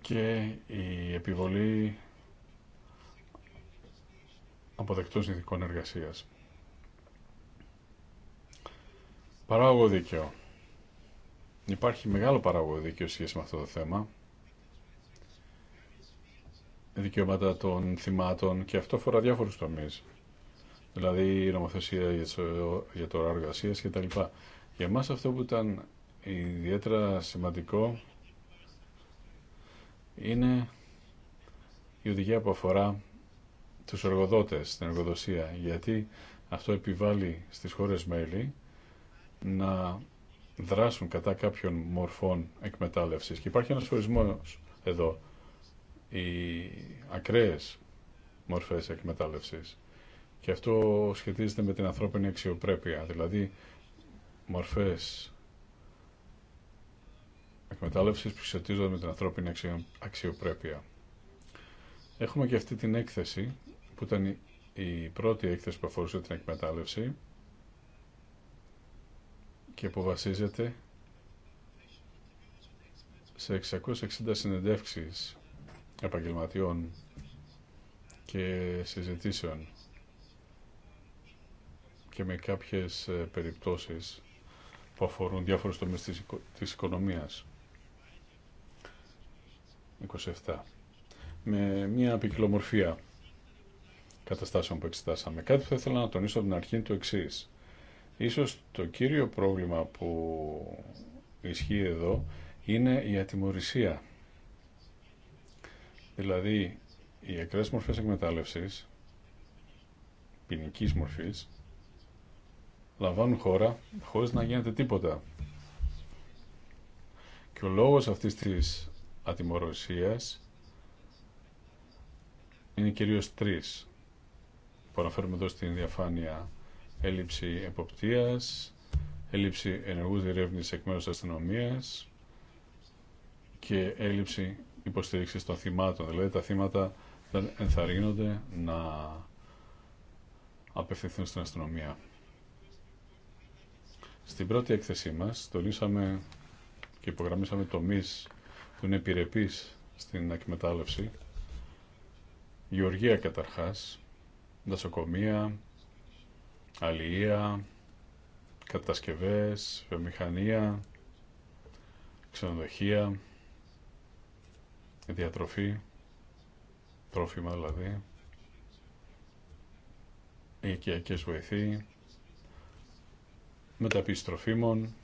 και η επιβολή αποδεκτών συνθηκών εργασίας. Παράγω δίκαιο. Υπάρχει μεγάλο παράγωγο δίκαιο σχέση με αυτό το θέμα. Δικαιώματα των θυμάτων και αυτό αφορά διάφορους τομείς. Δηλαδή η νομοθεσία για το και εργασία κτλ. Για μας αυτό που ήταν ιδιαίτερα σημαντικό είναι η οδηγία που αφορά τους εργοδότες, την εργοδοσία, γιατί αυτό επιβάλλει στις χώρες μέλη να δράσουν κατά κάποιων μορφών εκμετάλλευσης. Και υπάρχει ένας ορισμός εδώ. Οι ακραίες μορφές εκμετάλλευσης. Και αυτό σχετίζεται με την ανθρώπινη αξιοπρέπεια. Δηλαδή, μορφές εκμετάλλευσης που σχετίζονται με την ανθρώπινη αξιοπρέπεια. Έχουμε και αυτή την έκθεση, που ήταν η πρώτη έκθεση που αφορούσε την εκμετάλλευση, και που βασίζεται σε 660 συνεντεύξεις επαγγελματιών και συζητήσεων και με κάποιες ε, περιπτώσεις που αφορούν διάφορους τομείς της, οικονομίας. 27. Με μια ποικιλομορφία καταστάσεων που εξετάσαμε. Κάτι που θα ήθελα να τονίσω από την αρχή είναι το εξή. Ίσως το κύριο πρόβλημα που ισχύει εδώ είναι η ατιμορρησία. Δηλαδή, οι ακραίες μορφές εκμετάλλευσης, ποινικής μορφής, λαμβάνουν χώρα χωρίς να γίνεται τίποτα. Και ο λόγος αυτής της ατιμορρησίας είναι κυρίως τρεις που αναφέρουμε εδώ στην διαφάνεια έλλειψη εποπτείας, έλλειψη ενεργού διερεύνηση εκ μέρους αστυνομίας και έλλειψη υποστήριξης των θυμάτων. Δηλαδή τα θύματα δεν ενθαρρύνονται να απευθυνθούν στην αστυνομία. Στην πρώτη έκθεσή μας τονίσαμε και υπογραμμίσαμε τομείς που είναι επιρρεπείς στην εκμετάλλευση, γεωργία καταρχάς, δασοκομεία, αλληλεία, κατασκευές, βιομηχανία, ξενοδοχεία, διατροφή, τρόφιμα δηλαδή, οικιακές βοηθή, μεταποίηση τροφίμων,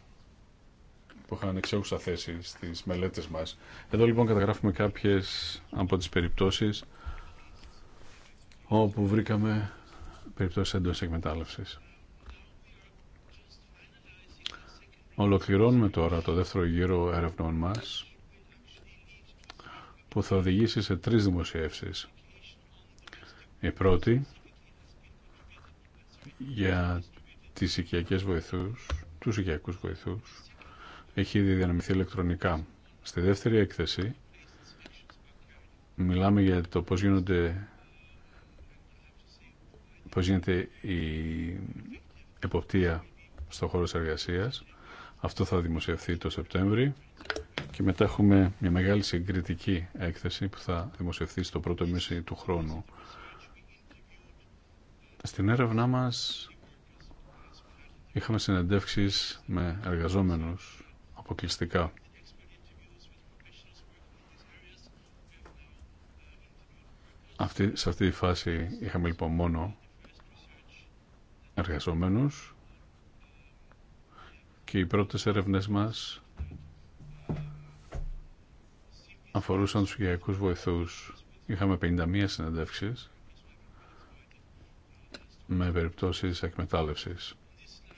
που είχαν εξέχουσα θέση στις μελέτες μας. Εδώ λοιπόν καταγράφουμε κάποιες από τις περιπτώσεις όπου βρήκαμε περιπτώσεις εντό εκμετάλλευση. Ολοκληρώνουμε τώρα το δεύτερο γύρο έρευνών μας που θα οδηγήσει σε τρεις δημοσιεύσεις. Η πρώτη για τις οικιακές βοηθούς, τους οικιακούς βοηθούς, έχει ήδη διανεμηθεί ηλεκτρονικά. Στη δεύτερη έκθεση μιλάμε για το πώς γίνονται πώς γίνεται η εποπτεία στο χώρο της εργασίας. Αυτό θα δημοσιευθεί το Σεπτέμβρη και μετά έχουμε μια μεγάλη συγκριτική έκθεση που θα δημοσιευθεί στο πρώτο μισή του χρόνου. Στην έρευνά μας είχαμε συνεντεύξεις με εργαζόμενους αποκλειστικά. Αυτή, σε αυτή τη φάση είχαμε λοιπόν μόνο εργαζόμενους και οι πρώτες έρευνες μας αφορούσαν τους γειακούς βοηθούς. Είχαμε 51 συνεντεύξεις με περιπτώσεις εκμετάλλευσης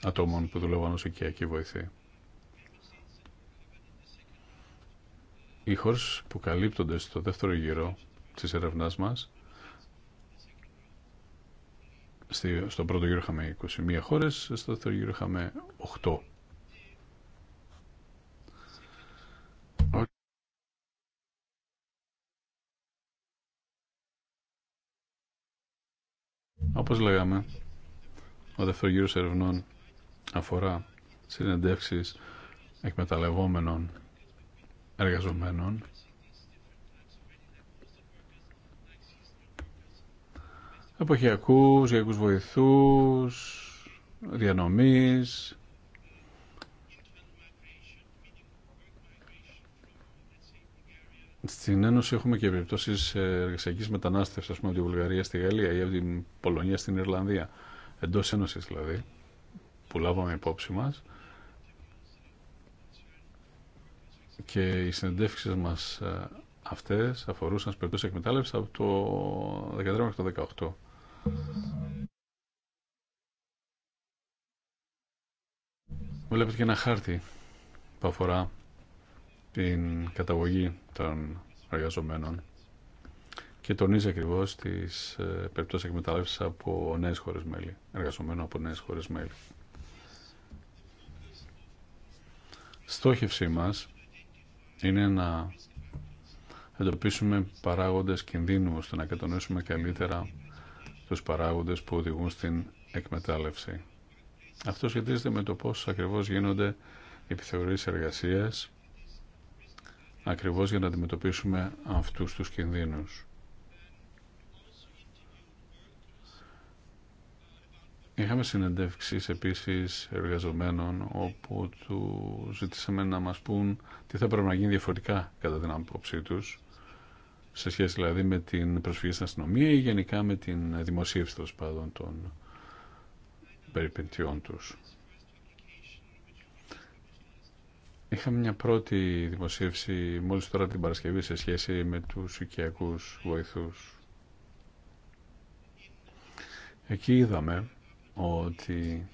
ατόμων που δουλεύαν ως οικιακή βοηθή. Οι χώρες που καλύπτονται στο δεύτερο γύρο της έρευνάς μας στον πρώτο γύρο είχαμε 21 χώρε, στο δεύτερο γύρο είχαμε 8. Όπως λέγαμε, ο δεύτερο γύρο ερευνών αφορά συνεντεύξεις εκμεταλλευόμενων εργαζομένων εποχιακούς, γεωργικούς βοηθούς, διανομής, Στην Ένωση έχουμε και περιπτώσει εργασιακή μετανάστευση, α πούμε, από τη Βουλγαρία στη Γαλλία ή από την Πολωνία στην Ιρλανδία. Εντό Ένωση δηλαδή, που λάβαμε υπόψη μα. Και οι συνεντεύξει μα ε, αυτέ αφορούσαν σε περιπτώσει εκμετάλλευση από το 2013 μέχρι το 2018. Βλέπετε και ένα χάρτη που αφορά την καταγωγή των εργαζομένων και τονίζει ακριβώ τι ε, περιπτώσει εκμετάλλευση από νέε χώρε μέλη, εργαζομένων από νέε χώρε μέλη. Στόχευσή μα είναι να εντοπίσουμε παράγοντες κινδύνου ώστε να κατανοήσουμε καλύτερα τους παράγοντες που οδηγούν στην εκμετάλλευση. Αυτό σχετίζεται με το πώς ακριβώς γίνονται οι επιθεωρήσεις εργασίας ακριβώς για να αντιμετωπίσουμε αυτούς τους κινδύνους. Είχαμε συνεντεύξεις επίσης εργαζομένων όπου του ζητήσαμε να μας πούν τι θα πρέπει να γίνει διαφορετικά κατά την άποψή τους σε σχέση δηλαδή με την προσφυγή στην αστυνομία ή γενικά με την δημοσίευση των σπάδων των περιπεντιών τους. Είχαμε μια πρώτη δημοσίευση μόλις τώρα την Παρασκευή σε σχέση με τους οικιακούς βοηθούς. Εκεί είδαμε ότι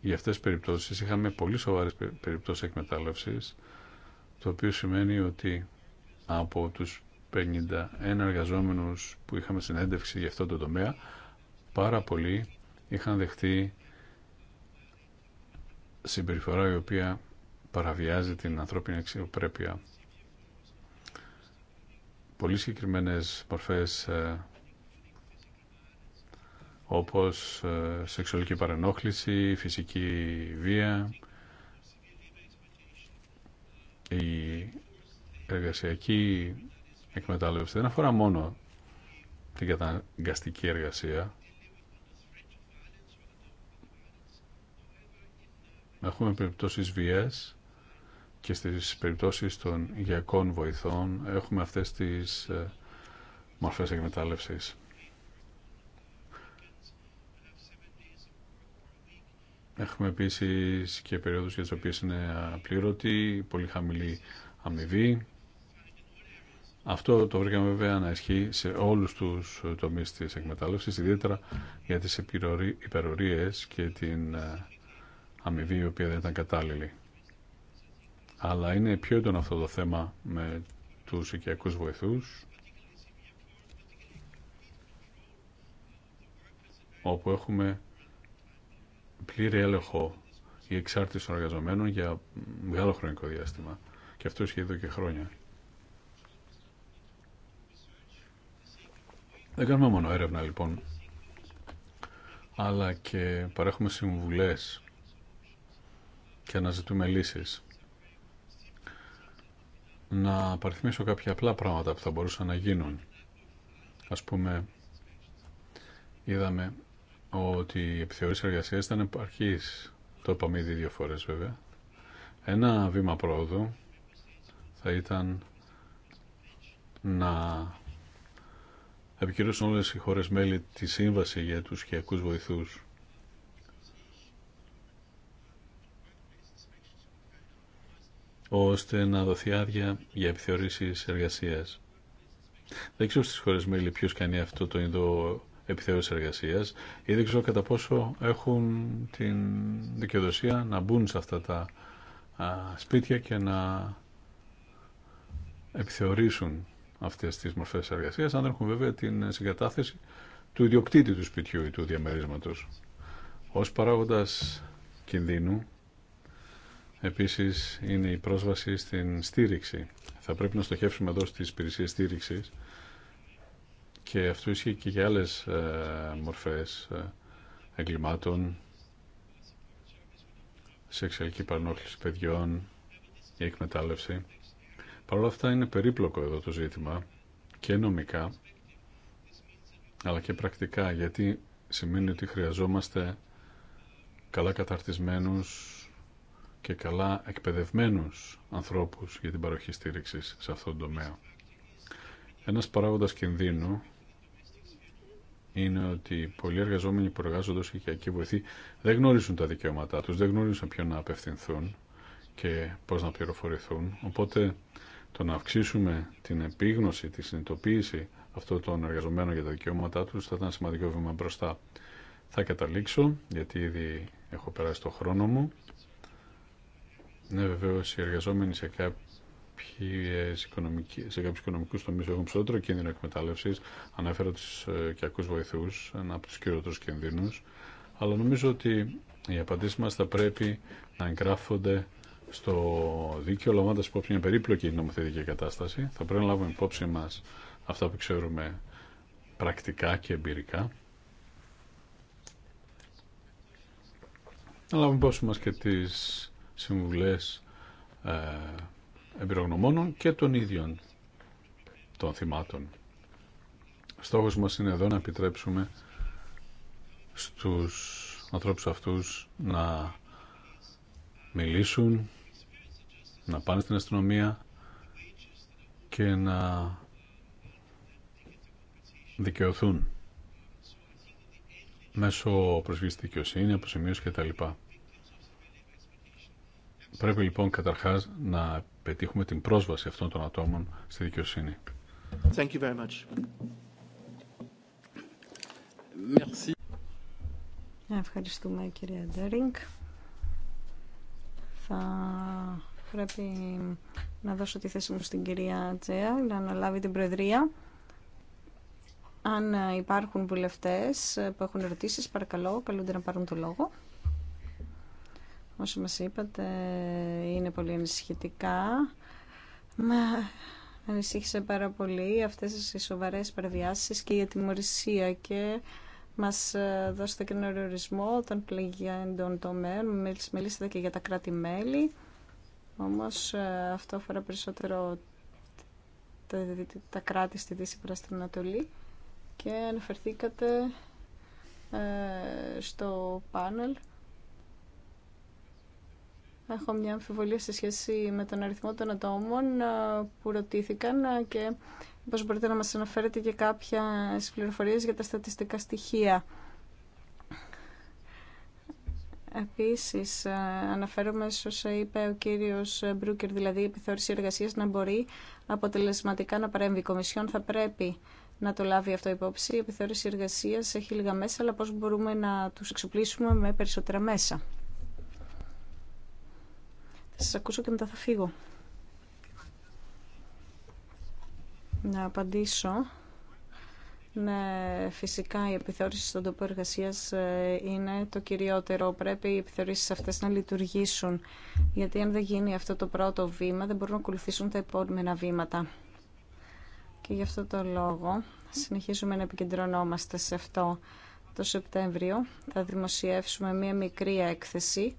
για αυτές τις περιπτώσεις είχαμε πολύ σοβαρές περιπτώσεις εκμετάλλευσης, το οποίο σημαίνει ότι από τους 51 εργαζόμενου που είχαμε συνέντευξη για αυτό το τομέα, πάρα πολλοί είχαν δεχτεί συμπεριφορά η οποία παραβιάζει την ανθρώπινη αξιοπρέπεια. Πολύ συγκεκριμένε μορφές ε, όπως ε, σεξουαλική παρενόχληση, φυσική βία, η εργασιακή εκμετάλλευση δεν αφορά μόνο την καταγκαστική εργασία. Έχουμε περιπτώσεις βίας και στις περιπτώσεις των γιακών βοηθών έχουμε αυτές τις ε, μορφές εκμετάλλευσης. Έχουμε επίσης και περίοδους για τις οποίες είναι απλήρωτοι, πολύ χαμηλή αμοιβή. Αυτό το βρήκαμε βέβαια να ισχύει σε όλους τους τομείς της εκμετάλλευση, ιδιαίτερα για τις υπερορίες και την ε, αμοιβή η οποία δεν ήταν κατάλληλη. Αλλά είναι πιο έντονο αυτό το θέμα με τους οικιακούς βοηθούς, όπου έχουμε πλήρη έλεγχο ή εξάρτηση των εργαζομένων για μεγάλο χρονικό διάστημα. Και αυτό ισχύει εδώ και χρόνια. Δεν κάνουμε μόνο έρευνα λοιπόν, αλλά και παρέχουμε συμβουλές και αναζητούμε λύσεις. Να παρθυμίσω κάποια απλά πράγματα που θα μπορούσαν να γίνουν. Ας πούμε, είδαμε ότι οι επιθεωρήσεις εργασίας ήταν επαρχής. Το είπαμε ήδη δύο φορές βέβαια. Ένα βήμα πρόοδου θα ήταν να επικυρώσουν όλες οι χώρες μέλη τη σύμβαση για τους σχιακούς βοηθούς. ώστε να δοθεί άδεια για επιθεωρήσεις εργασίας. Δεν ξέρω στις χώρες μέλη ποιος κάνει αυτό το είδο επιθεώρησης εργασίας ή δεν ξέρω κατά πόσο έχουν την δικαιοδοσία να μπουν σε αυτά τα σπίτια και να επιθεωρήσουν αυτές τις μορφές εργασία αν έχουν βέβαια την συγκατάθεση του ιδιοκτήτη του σπιτιού ή του διαμερίσματος. Ως παράγοντας κινδύνου, επίσης είναι η του διαμερισματο ως παραγοντα κινδυνου επισης ειναι η προσβαση στην στήριξη. Θα πρέπει να στοχεύσουμε εδώ στις υπηρεσίε στήριξη, και αυτό ισχύει και για άλλε μορφέ ε, μορφές ε, εγκλημάτων, σεξουαλική παρενόχληση παιδιών, η εκμετάλλευση. Παρ' όλα αυτά είναι περίπλοκο εδώ το ζήτημα και νομικά αλλά και πρακτικά γιατί σημαίνει ότι χρειαζόμαστε καλά καταρτισμένους και καλά εκπαιδευμένους ανθρώπους για την παροχή στήριξης σε αυτόν τον τομέα. Ένας παράγοντας κινδύνου είναι ότι πολλοί εργαζόμενοι που εργάζονται ως οικιακοί βοηθοί δεν γνωρίζουν τα δικαιώματά τους, δεν γνωρίζουν ποιον να απευθυνθούν και πώς να πληροφορηθούν. Οπότε το να αυξήσουμε την επίγνωση, τη συνειδητοποίηση αυτών των εργαζομένων για τα δικαιώματά του. θα ήταν σημαντικό βήμα μπροστά. Θα καταλήξω, γιατί ήδη έχω περάσει το χρόνο μου. Ναι, βεβαίω οι εργαζόμενοι σε κάποιες σε κάποιους οικονομικούς τομείς έχουν ψηλότερο κίνδυνο εκμετάλλευση. Ανέφερα του οικιακού ε, βοηθού ένα από του κυριότερου κινδύνου. Αλλά νομίζω ότι οι απαντήσει μα θα πρέπει να εγγράφονται στο δίκαιο, λαμβάνοντα υπόψη μια περίπλοκη νομοθετική κατάσταση, θα πρέπει να λάβουμε υπόψη μα αυτά που ξέρουμε πρακτικά και εμπειρικά. Να λάβουμε υπόψη μα και τι συμβουλέ ε, εμπειρογνωμόνων και των ίδιων των θυμάτων. Στόχος μας είναι εδώ να επιτρέψουμε στους ανθρώπους αυτούς να μιλήσουν, να πάνε στην αστυνομία και να δικαιωθούν μέσω προσφυγής δικαιοσύνη, αποσημείωση κτλ. Πρέπει λοιπόν καταρχάς να πετύχουμε την πρόσβαση αυτών των ατόμων στη δικαιοσύνη. Ευχαριστούμε κυρία Ντέρινγκ. Θα Πρέπει να δώσω τη θέση μου στην κυρία Τζέα να αναλάβει την Προεδρία. Αν υπάρχουν βουλευτέ που έχουν ερωτήσεις, παρακαλώ, καλούνται να πάρουν το λόγο. Όσο μας είπατε, είναι πολύ ανησυχητικά. με ανησύχησε πάρα πολύ αυτές οι σοβαρές παραβιάσεις και η ατιμορρησία και μας ε, δώσετε και ένα ορισμό των πληγέντων τομέων. Μιλήσατε και για τα κράτη-μέλη. Όμως ε, αυτό αφορά περισσότερο τα κράτη στη Δύση προς την Ανατολή και αναφερθήκατε ε, στο πάνελ. Έχω μια αμφιβολία σε σχέση με τον αριθμό των ατόμων ε, που ρωτήθηκαν και πώς μπορείτε να μας αναφέρετε και κάποια πληροφορίες για τα στατιστικά στοιχεία. Επίσης, ε, αναφέρομαι όσα είπε ο κύριος Μπρούκερ, δηλαδή η επιθεώρηση εργασίας να μπορεί αποτελεσματικά να παρέμβει. Η Κομισιόν θα πρέπει να το λάβει αυτό υπόψη. Η επιθεώρηση εργασίας έχει λίγα μέσα, αλλά πώς μπορούμε να τους εξοπλίσουμε με περισσότερα μέσα. Θα σας ακούσω και μετά θα φύγω. Να απαντήσω ναι, φυσικά η επιθεώρηση στον τόπο εργασία ε, είναι το κυριότερο. Πρέπει οι επιθεωρήσει αυτέ να λειτουργήσουν. Γιατί αν δεν γίνει αυτό το πρώτο βήμα, δεν μπορούν να ακολουθήσουν τα επόμενα βήματα. Και γι' αυτό το λόγο συνεχίζουμε να επικεντρωνόμαστε σε αυτό. Το Σεπτέμβριο θα δημοσιεύσουμε μία μικρή έκθεση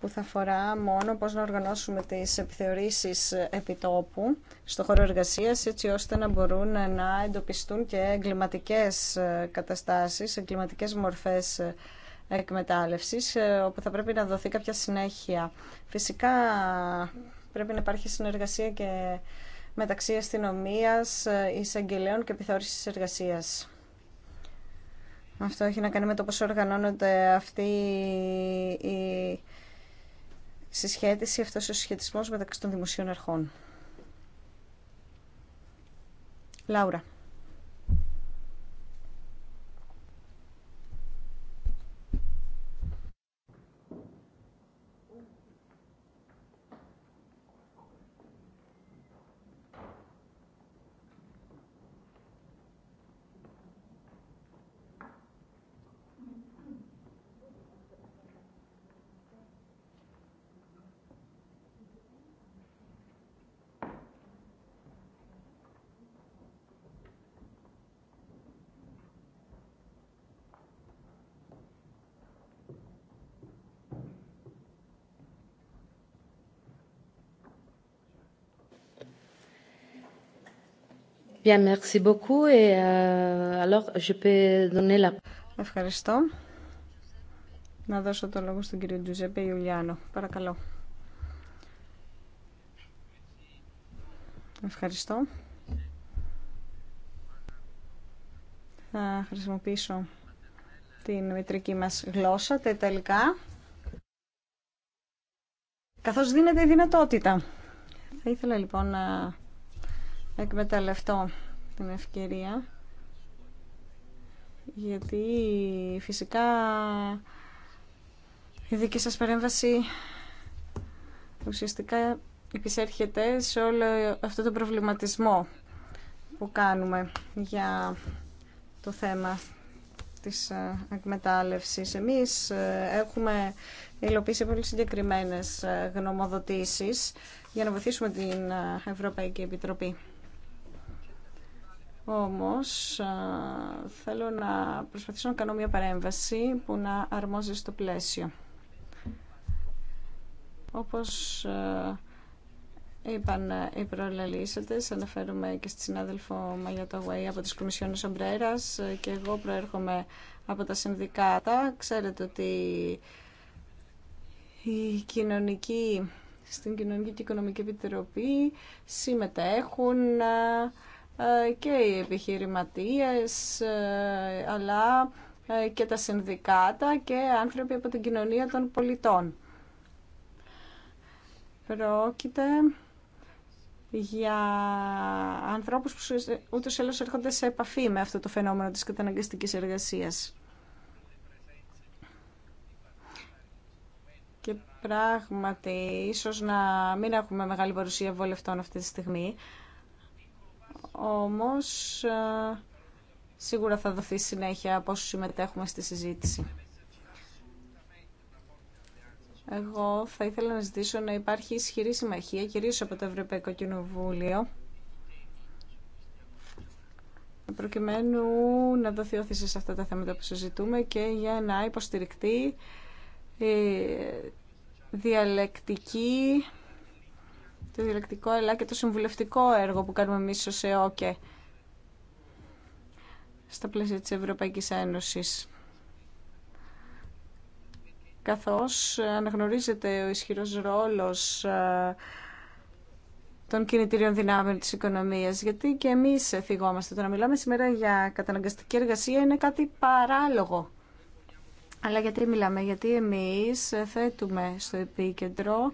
που θα αφορά μόνο πώς να οργανώσουμε τις επιθεωρήσεις επιτόπου στο χώρο εργασίας έτσι ώστε να μπορούν να εντοπιστούν και εγκληματικές ε, καταστάσεις, εγκληματικές μορφές ε, εκμετάλλευσης ε, όπου θα πρέπει να δοθεί κάποια συνέχεια. Φυσικά πρέπει να υπάρχει συνεργασία και μεταξύ αστυνομία, εισαγγελέων και επιθεώρησης εργασίας. Αυτό έχει να κάνει με το πώς οργανώνονται αυτοί οι συσχέτιση, αυτός ο συσχετισμός μεταξύ των δημοσίων αρχών. Λάουρα. Ευχαριστώ. Να δώσω το λόγο στον κύριο Τζουζέπε Ιουλιάνο. Παρακαλώ. Ευχαριστώ. Θα χρησιμοποιήσω την μητρική μας γλώσσα τα Ιταλικά. Καθώς δίνεται η δυνατότητα. Θα ήθελα λοιπόν να εκμεταλλευτώ την ευκαιρία γιατί φυσικά η δική σας παρέμβαση ουσιαστικά επισέρχεται σε όλο αυτό τον προβληματισμό που κάνουμε για το θέμα της ε, εκμετάλλευσης. Εμείς ε, έχουμε υλοποιήσει πολύ συγκεκριμένες ε, γνωμοδοτήσεις για να βοηθήσουμε την Ευρωπαϊκή Επιτροπή. Όμως θέλω να προσπαθήσω να κάνω μια παρέμβαση που να αρμόζει στο πλαίσιο. Όπως είπαν οι προλαλήσατες, αναφέρουμε και στη συνάδελφο Μαγιατόγουαϊ από τις Κομισιόνες Ομπρέρας και εγώ προέρχομαι από τα συνδικάτα. Ξέρετε ότι η κοινωνική, στην Κοινωνική και Οικονομική Επιτροπή συμμετέχουν ε, και οι επιχειρηματίες ε, αλλά ε, και τα συνδικάτα και άνθρωποι από την κοινωνία των πολιτών. Πρόκειται για ανθρώπους που ούτως ή άλλως έρχονται σε επαφή με αυτό το φαινόμενο της καταναγκαστικής εργασίας. Και πράγματι, ίσως να μην έχουμε μεγάλη παρουσία βολευτών αυτή τη στιγμή, όμως ε, σίγουρα θα δοθεί συνέχεια από όσους συμμετέχουμε στη συζήτηση. Εγώ θα ήθελα να ζητήσω να υπάρχει ισχυρή συμμαχία, κυρίως από το Ευρωπαϊκό Κοινοβούλιο, προκειμένου να δοθεί όθηση σε αυτά τα θέματα που συζητούμε και για να υποστηριχτεί διαλεκτική το διαλεκτικό αλλά και το συμβουλευτικό έργο που κάνουμε εμείς ως ΕΟΚΕ στα πλαίσια της Ευρωπαϊκής Ένωσης. Καθώς αναγνωρίζεται ο ισχυρός ρόλος των κινητήριων δυνάμεων της οικονομίας, γιατί και εμείς θυγόμαστε. Το να μιλάμε σήμερα για καταναγκαστική εργασία είναι κάτι παράλογο. Αλλά γιατί μιλάμε, γιατί εμείς θέτουμε στο επίκεντρο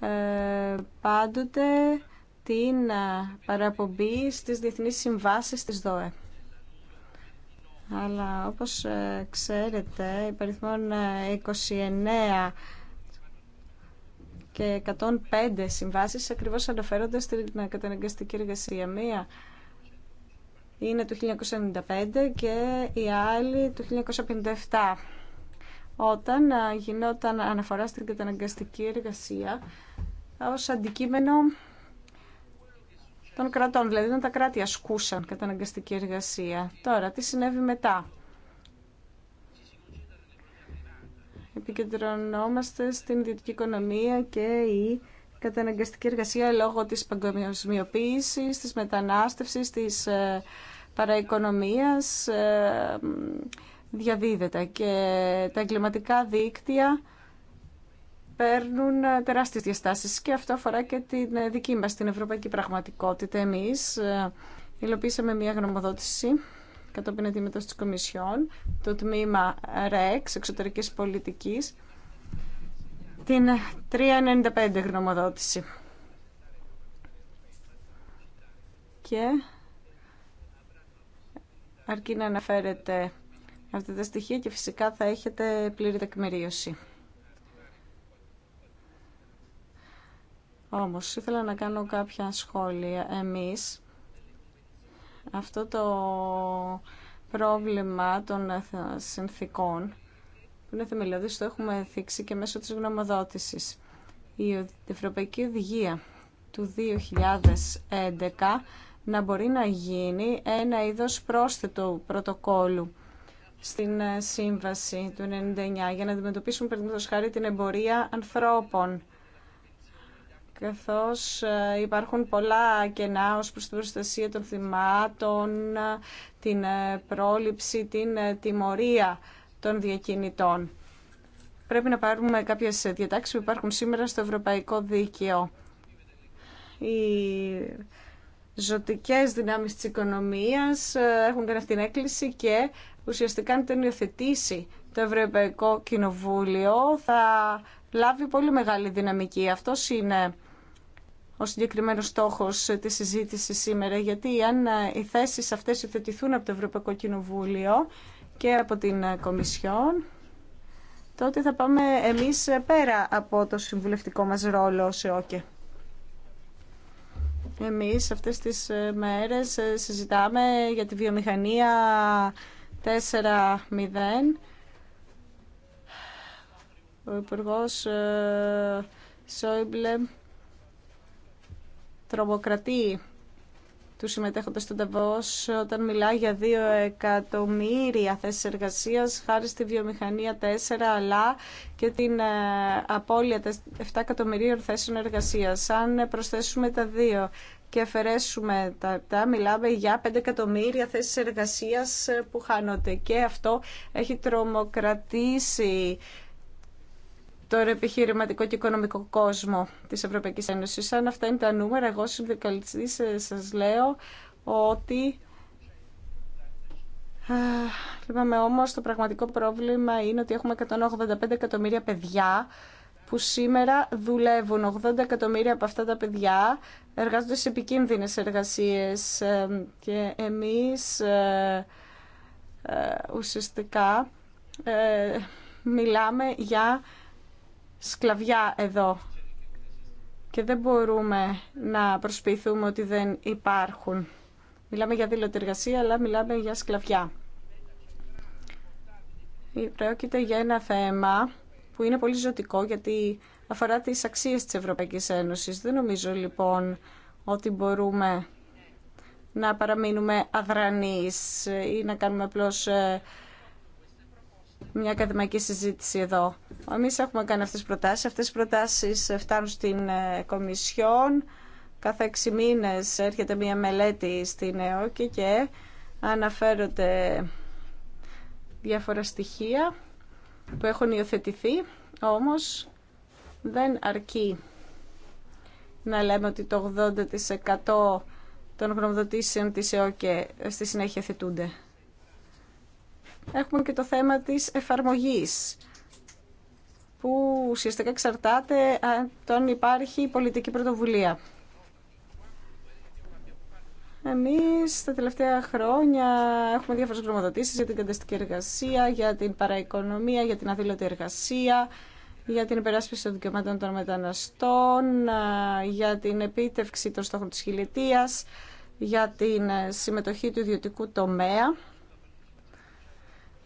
ε, πάντοτε την ε, παραπομπή στις διεθνείς συμβάσεις της ΔΟΕ. Αλλά όπως ε, ξέρετε, υπαριθμόν 29 και 105 συμβάσεις ακριβώς αναφέρονται στην καταναγκαστική εργασία. Μία είναι του 1995 και η άλλη του 1957. Όταν γινόταν αναφορά στην καταναγκαστική εργασία, ως αντικείμενο των κρατών. Δηλαδή, όταν τα κράτη ασκούσαν καταναγκαστική εργασία. Τώρα, τι συνέβη μετά. Επικεντρωνόμαστε στην ιδιωτική οικονομία και η καταναγκαστική εργασία λόγω της παγκοσμιοποίησης, της μετανάστευσης, της ε, παραοικονομίας ε, διαδίδεται και τα εγκληματικά δίκτυα παίρνουν ε, τεράστιες διαστάσεις και αυτό αφορά και την ε, δική μας, την ευρωπαϊκή πραγματικότητα. Εμείς ε, υλοποίησαμε μια γνωμοδότηση κατόπιν αιτήματος της Κομισιόν, το τμήμα ΡΕΚ, εξωτερικής πολιτικής, την 395 γνωμοδότηση. Και αρκεί να αναφέρετε αυτά τα στοιχεία και φυσικά θα έχετε πλήρη τεκμηρίωση. Όμως ήθελα να κάνω κάποια σχόλια εμείς. Αυτό το πρόβλημα των συνθήκων που είναι θεμελιώδης το έχουμε θίξει και μέσω της γνωμοδότησης. Η Ευρωπαϊκή Οδηγία του 2011 να μπορεί να γίνει ένα είδος πρόσθετου πρωτοκόλλου στην ε, σύμβαση του 99 για να αντιμετωπίσουν παραδείγματος χάρη την εμπορία ανθρώπων καθώς ε, υπάρχουν πολλά κενά ως προς την προστασία των θυμάτων, την ε, πρόληψη, την ε, τιμωρία των διακινητών. Πρέπει να πάρουμε κάποιες διατάξεις που υπάρχουν σήμερα στο ευρωπαϊκό δίκαιο. Οι ζωτικές δυνάμεις της οικονομίας έχουν κάνει αυτήν την έκκληση και ουσιαστικά αν την υιοθετήσει το Ευρωπαϊκό Κοινοβούλιο θα λάβει πολύ μεγάλη δυναμική. Αυτός είναι ο συγκεκριμένος στόχος της συζήτηση σήμερα, γιατί αν ε, οι θέσεις αυτές υιοθετηθούν από το Ευρωπαϊκό Κοινοβούλιο και από την ε, Κομισιόν, τότε θα πάμε εμείς ε, πέρα από το συμβουλευτικό μας ρόλο σε ΟΚΕ. Εμείς αυτές τις μέρες συζητάμε για τη βιομηχανία 4.0. Ο υπουργό Σόιμπλε τρομοκρατεί του συμμετέχοντες στον Ταβός όταν μιλά για 2 εκατομμύρια θέσεις εργασίας χάρη στη βιομηχανία 4 αλλά και την ε, απώλεια 7 εκατομμυρίων θέσεων εργασίας. Αν προσθέσουμε τα δύο και αφαιρέσουμε τα, τα μιλάμε για 5 εκατομμύρια θέσεις εργασίας ε, που χάνονται και αυτό έχει τρομοκρατήσει τώρα επιχειρηματικό και οικονομικό κόσμο της Ευρωπαϊκής Ένωσης. Αν αυτά είναι τα νούμερα, εγώ συνδικαλιστής ε, σας λέω ότι Λυπάμαι όμως το πραγματικό πρόβλημα είναι ότι έχουμε 185 εκατομμύρια παιδιά που σήμερα δουλεύουν. 80 εκατομμύρια από αυτά τα παιδιά εργάζονται σε επικίνδυνες εργασίες ε, και εμείς ε, ουσιαστικά μιλάμε για σκλαβιά εδώ και δεν μπορούμε να προσποιηθούμε ότι δεν υπάρχουν. Μιλάμε για δήλωτη εργασία, αλλά μιλάμε για σκλαβιά. Πρόκειται για ένα θέμα που είναι πολύ ζωτικό γιατί αφορά τις αξίες της Ευρωπαϊκής Ένωσης. Δεν νομίζω λοιπόν ότι μπορούμε να παραμείνουμε αδρανείς ή να κάνουμε απλώς ε, μια ακαδημαϊκή συζήτηση εδώ. Εμείς έχουμε κάνει αυτές τις προτάσεις. Αυτές οι προτάσεις φτάνουν στην ε, Κομισιόν. Κάθε έξι μήνες έρχεται μια μελέτη στην ΕΟΚΙ και αναφέρονται διάφορα στοιχεία που έχουν υιοθετηθεί, όμως δεν αρκεί να λέμε ότι το 80% των γνωμοδοτήσεων της ΕΟΚΕ στη συνέχεια θετούνται έχουμε και το θέμα της εφαρμογής που ουσιαστικά εξαρτάται αν υπάρχει πολιτική πρωτοβουλία. Εμείς τα τελευταία χρόνια έχουμε διάφορες γνωμοδοτήσεις για την κατεστική εργασία, για την παραοικονομία, για την αδήλωτη εργασία, για την υπεράσπιση των δικαιωμάτων των μεταναστών, για την επίτευξη των στόχων της χιλιετίας, για την ε, συμμετοχή του ιδιωτικού τομέα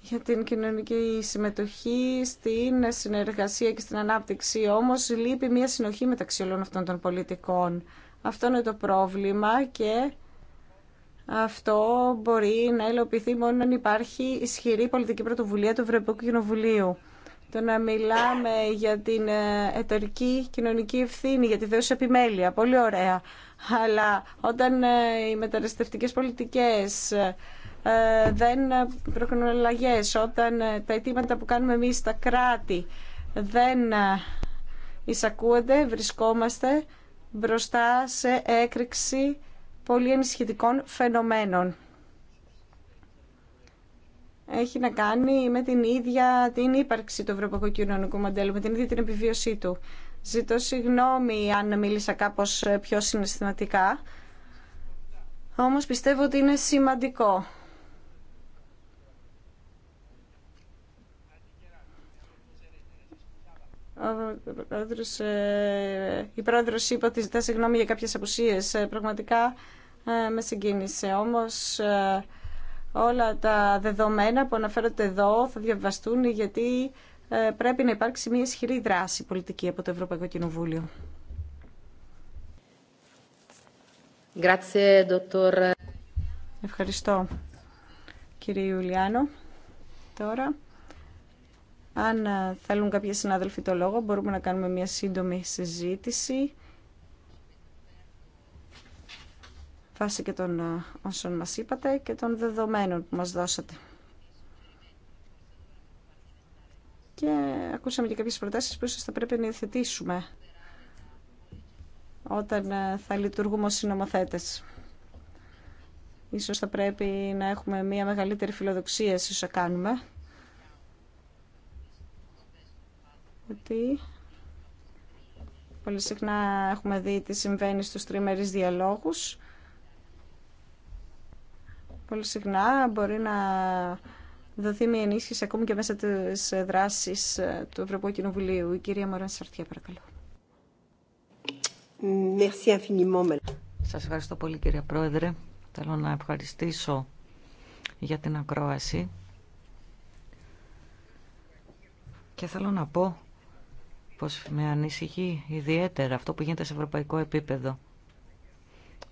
για την κοινωνική συμμετοχή, στην συνεργασία και στην ανάπτυξη. Όμως λείπει μια συνοχή μεταξύ όλων αυτών των πολιτικών. Αυτό είναι το πρόβλημα και αυτό μπορεί να υλοποιηθεί μόνο αν υπάρχει ισχυρή πολιτική πρωτοβουλία του Ευρωπαϊκού Κοινοβουλίου. Το να μιλάμε για την ε, εταιρική κοινωνική ευθύνη, για τη δέωση επιμέλεια, πολύ ωραία. Αλλά όταν ε, οι μεταναστευτικές πολιτικές ε, ε, δεν προκρίνουν αλλαγέ. Όταν ε, τα αιτήματα που κάνουμε εμείς στα κράτη δεν ε, εισακούονται, βρισκόμαστε μπροστά σε έκρηξη πολύ ενισχυτικών φαινομένων. Έχει να κάνει με την ίδια την ύπαρξη του Ευρωπαϊκού Κοινωνικού Μοντέλου, με την ίδια την επιβίωσή του. Ζητώ συγγνώμη αν μίλησα κάπως πιο συναισθηματικά, όμως πιστεύω ότι είναι σημαντικό Ε, η πρόεδρος είπε ότι ζητά συγγνώμη για κάποιες απουσίες. Ε, πραγματικά ε, με συγκίνησε. Όμως όλα τα δεδομένα που αναφέρονται εδώ θα διαβαστούν γιατί πρέπει να υπάρξει μια ισχυρή δράση πολιτική από το Ευρωπαϊκό Κοινοβούλιο. Ευχαριστώ κύριε Ιουλιάνο. Τώρα. Αν ε, θέλουν κάποιοι συνάδελφοι το λόγο, μπορούμε να κάνουμε μια σύντομη συζήτηση. Βάσει και των ε, όσων μας είπατε και των δεδομένων που μας δώσατε. Και ακούσαμε και κάποιες προτάσεις που ίσως θα πρέπει να υιοθετήσουμε όταν ε, θα λειτουργούμε ως συνομοθέτες. Ίσως θα πρέπει να έχουμε μια μεγαλύτερη φιλοδοξία, ίσως κάνουμε, γιατί πολύ συχνά έχουμε δει τι συμβαίνει στους τριμερείς διαλόγους. Πολύ συχνά μπορεί να δοθεί μια ενίσχυση ακόμη και μέσα της δράσης του Ευρωπαϊκού Κοινοβουλίου. Η κυρία Μωρέν Σαρτιά, παρακαλώ. Σας ευχαριστώ πολύ κύριε Πρόεδρε. Θέλω να ευχαριστήσω για την ακρόαση. Και θέλω να πω πως με ανησυχεί ιδιαίτερα αυτό που γίνεται σε ευρωπαϊκό επίπεδο.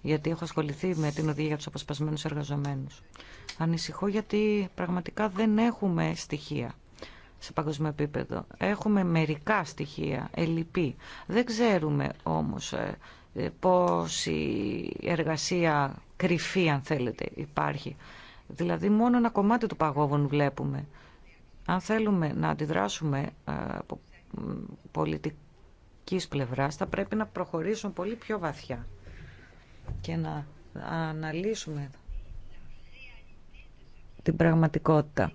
Γιατί έχω ασχοληθεί με την οδηγία για τους αποσπασμένους εργαζομένους. Ανησυχώ γιατί πραγματικά δεν έχουμε στοιχεία σε παγκόσμιο επίπεδο. Έχουμε μερικά στοιχεία, ελλειπή. Δεν ξέρουμε όμως ε, ε, πώς η εργασία κρυφή, αν θέλετε, υπάρχει. Δηλαδή μόνο ένα κομμάτι του παγόβων βλέπουμε. Αν θέλουμε να αντιδράσουμε ε, πολιτικής πλευράς θα πρέπει να προχωρήσουν πολύ πιο βαθιά και να αναλύσουμε την πραγματικότητα.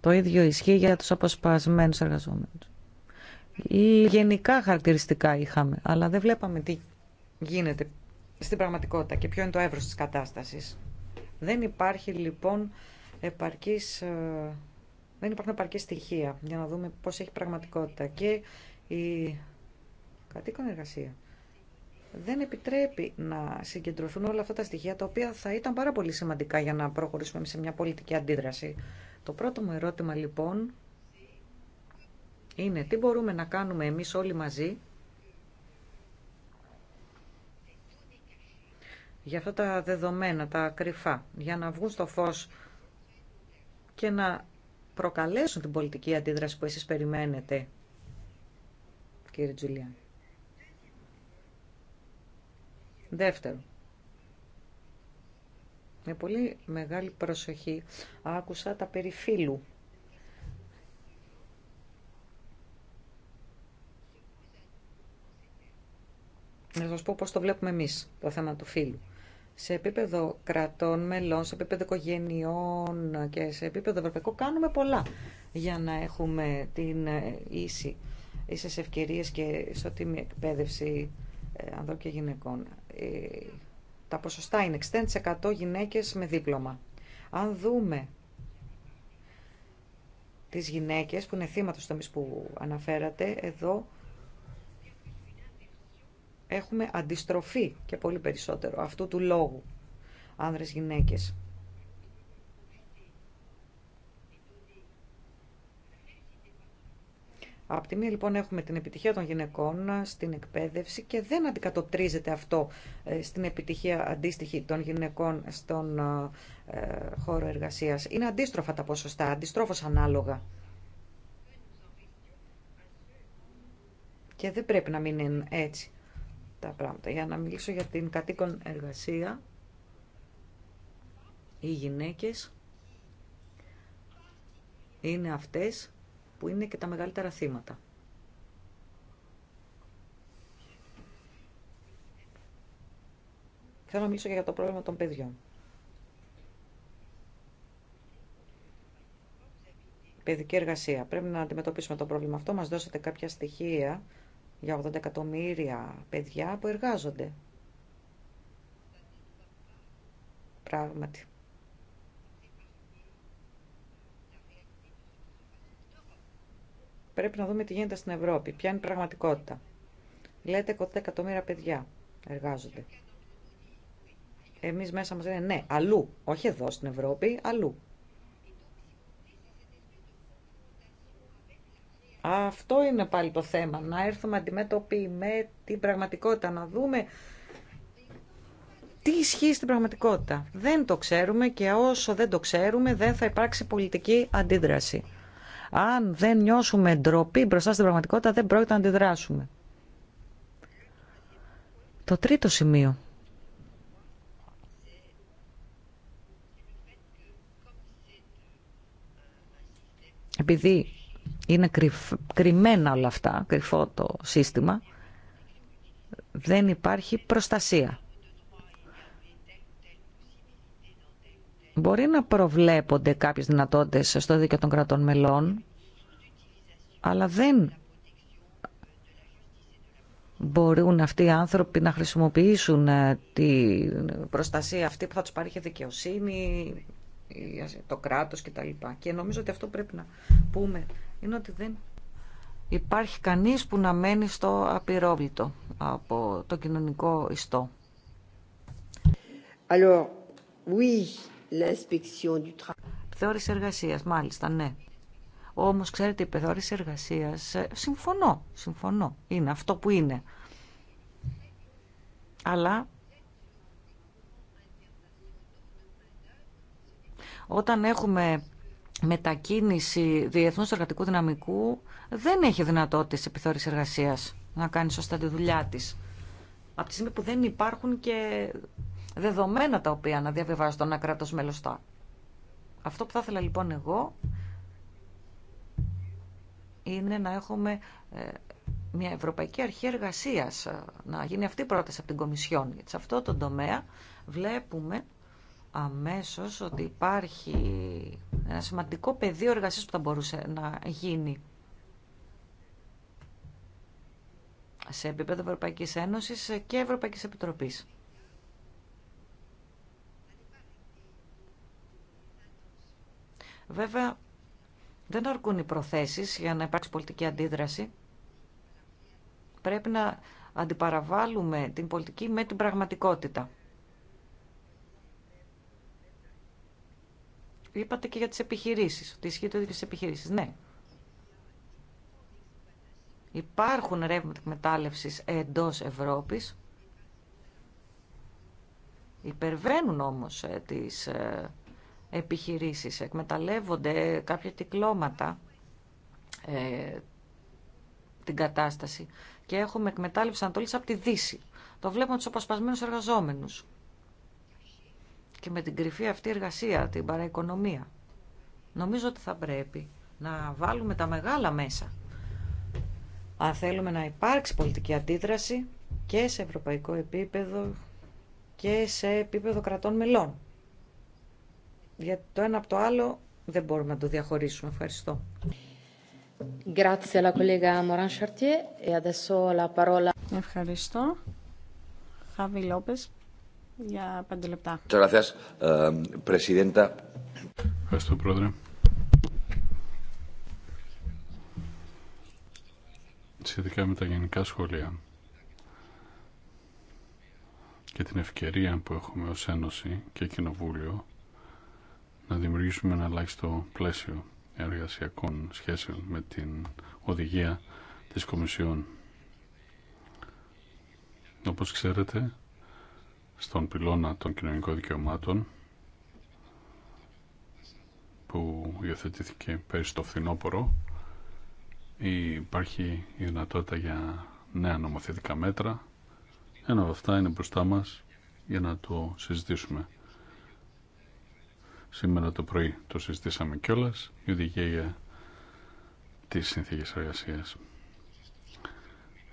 Το ίδιο ισχύει για τους αποσπασμένους εργαζόμενους. Ή γενικά χαρακτηριστικά είχαμε, αλλά δεν βλέπαμε τι γίνεται στην πραγματικότητα και ποιο είναι το εύρος της κατάστασης. Δεν υπάρχει λοιπόν επαρκής ε, δεν υπάρχουν επαρκή στοιχεία για να δούμε πώς έχει πραγματικότητα. Και η κατοίκον εργασία δεν επιτρέπει να συγκεντρωθούν όλα αυτά τα στοιχεία τα οποία θα ήταν πάρα πολύ σημαντικά για να προχωρήσουμε σε μια πολιτική αντίδραση. Το πρώτο μου ερώτημα λοιπόν είναι τι μπορούμε να κάνουμε εμείς όλοι μαζί για αυτά τα δεδομένα, τα κρυφά, για να βγουν στο φως και να προκαλέσουν την πολιτική αντίδραση που εσείς περιμένετε, κύριε Τζουλιάν. Δεύτερο, με πολύ μεγάλη προσοχή άκουσα τα περιφύλου. Να σας πω πώς το βλέπουμε εμείς, το θέμα του φίλου σε επίπεδο κρατών, μελών, σε επίπεδο οικογενειών και σε επίπεδο ευρωπαϊκό κάνουμε πολλά για να έχουμε την ε, ίση, ίσες ευκαιρίες και ισότιμη εκπαίδευση ε, ανδρών και γυναικών. Ε, τα ποσοστά είναι 60% γυναίκες με δίπλωμα. Αν δούμε τις γυναίκες που είναι θύματα στο που αναφέρατε, εδώ έχουμε αντιστροφή και πολύ περισσότερο αυτού του λόγου άνδρες-γυναίκες. Απ' τη μία λοιπόν έχουμε την επιτυχία των γυναικών στην εκπαίδευση και δεν αντικατοπτρίζεται αυτό ε, στην επιτυχία αντίστοιχη των γυναικών στον ε, ε, χώρο εργασίας. Είναι αντίστροφα τα ποσοστά, αντιστρόφως ανάλογα. Και δεν πρέπει να μην είναι έτσι τα πράγματα. Για να μιλήσω για την κατοίκον εργασία, οι γυναίκες είναι αυτές που είναι και τα μεγαλύτερα θύματα. Θέλω να μιλήσω και για το πρόβλημα των παιδιών. Παιδική εργασία. Πρέπει να αντιμετωπίσουμε το πρόβλημα αυτό. Μας δώσατε κάποια στοιχεία για 80 εκατομμύρια παιδιά που εργάζονται. Πράγματι. Πρέπει να δούμε τι γίνεται στην Ευρώπη. Ποια είναι η πραγματικότητα. Λέτε 80 εκατομμύρια παιδιά εργάζονται. Εμείς μέσα μας λένε ναι, αλλού. Όχι εδώ στην Ευρώπη, αλλού. Αυτό είναι πάλι το θέμα, να έρθουμε αντιμέτωποι με την πραγματικότητα, να δούμε τι ισχύει στην πραγματικότητα. Δεν το ξέρουμε και όσο δεν το ξέρουμε δεν θα υπάρξει πολιτική αντίδραση. Αν δεν νιώσουμε ντροπή μπροστά στην πραγματικότητα δεν πρόκειται να αντιδράσουμε. Το τρίτο σημείο. Επειδή είναι κρυμμένα όλα αυτά, κρυφό το σύστημα. Δεν υπάρχει προστασία. Μπορεί να προβλέπονται κάποιες δυνατότητες στο δίκαιο των κρατών μελών, αλλά δεν μπορούν αυτοί οι άνθρωποι να χρησιμοποιήσουν ε, την προστασία αυτή που θα τους παρέχει δικαιοσύνη, το κράτος κτλ. Και νομίζω ότι αυτό πρέπει να πούμε είναι ότι δεν υπάρχει κανείς που να μένει στο απειρόβλητο από το κοινωνικό ιστό. Alors, oui, du Θεώρηση εργασίας, μάλιστα, ναι. Όμως, ξέρετε, η θεώρηση εργασίας, ε, συμφωνώ, συμφωνώ, είναι αυτό που είναι. Αλλά όταν έχουμε μετακίνηση διεθνούς εργατικού δυναμικού δεν έχει δυνατότητες επιθεώρησης εργασίας να κάνει σωστά τη δουλειά της. Από τη στιγμή που δεν υπάρχουν και δεδομένα τα οποία να διαβιβάζει τον κράτος μελωστά. Αυτό που θα ήθελα λοιπόν εγώ είναι να έχουμε ε, μια Ευρωπαϊκή Αρχή Εργασίας, ε, να γίνει αυτή η πρόταση από την Κομισιόν. σε αυτό το τομέα βλέπουμε αμέσως ότι υπάρχει ένα σημαντικό πεδίο εργασίας που θα μπορούσε να γίνει σε επίπεδο Ευρωπαϊκής Ένωσης και Ευρωπαϊκής Επιτροπής. Βέβαια, δεν αρκούν οι προθέσεις για να υπάρξει πολιτική αντίδραση. Πρέπει να αντιπαραβάλλουμε την πολιτική με την πραγματικότητα. Είπατε και για τις επιχειρήσεις, ότι ισχύει το ίδιο στις επιχειρήσεις. Ναι. Υπάρχουν ρεύματα εκμετάλλευση εντός Ευρώπης. Υπερβαίνουν όμως ε, τις ε, επιχειρήσεις. Εκμεταλλεύονται κάποια κυκλώματα ε, την κατάσταση και έχουμε εκμετάλλευση Ανατολής από τη Δύση. Το βλέπουμε τους αποσπασμένους εργαζόμενους και με την κρυφή αυτή εργασία, την παραοικονομία. Νομίζω ότι θα πρέπει να βάλουμε τα μεγάλα μέσα. Αν θέλουμε να υπάρξει πολιτική αντίδραση και σε ευρωπαϊκό επίπεδο και σε επίπεδο κρατών μελών. Γιατί το ένα από το άλλο δεν μπορούμε να το διαχωρίσουμε. Ευχαριστώ. E Ευχαριστώ. Χάβι Λόπες για πέντε λεπτά. Eh, Ευχαριστώ, Πρόεδρε. Σχετικά με τα γενικά σχολεία και την ευκαιρία που έχουμε ως Ένωση και Κοινοβούλιο να δημιουργήσουμε ένα ελάχιστο πλαίσιο εργασιακών σχέσεων με την οδηγία της Κομισιόν. Όπως ξέρετε, στον πυλώνα των κοινωνικών δικαιωμάτων που υιοθετήθηκε πέρυσι το φθινόπωρο υπάρχει η δυνατότητα για νέα νομοθετικά μέτρα ένα από αυτά είναι μπροστά μας για να το συζητήσουμε σήμερα το πρωί το συζητήσαμε κιόλας η οδηγία για τις συνθήκες εργασίας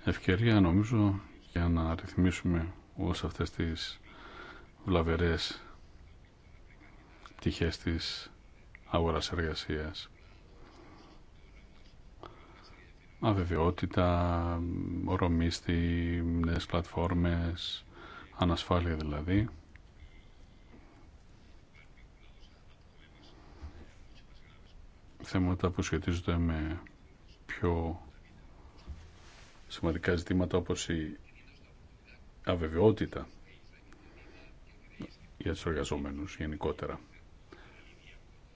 ευκαιρία νομίζω για να ρυθμίσουμε ως αυτές τις βλαβερές πτυχές της αγοράς εργασίας. Αβεβαιότητα, ορομίστη, νέες πλατφόρμες, ανασφάλεια δηλαδή. Θέματα που σχετίζονται με πιο σημαντικά ζητήματα όπως η αβεβαιότητα για τους εργαζόμενους γενικότερα.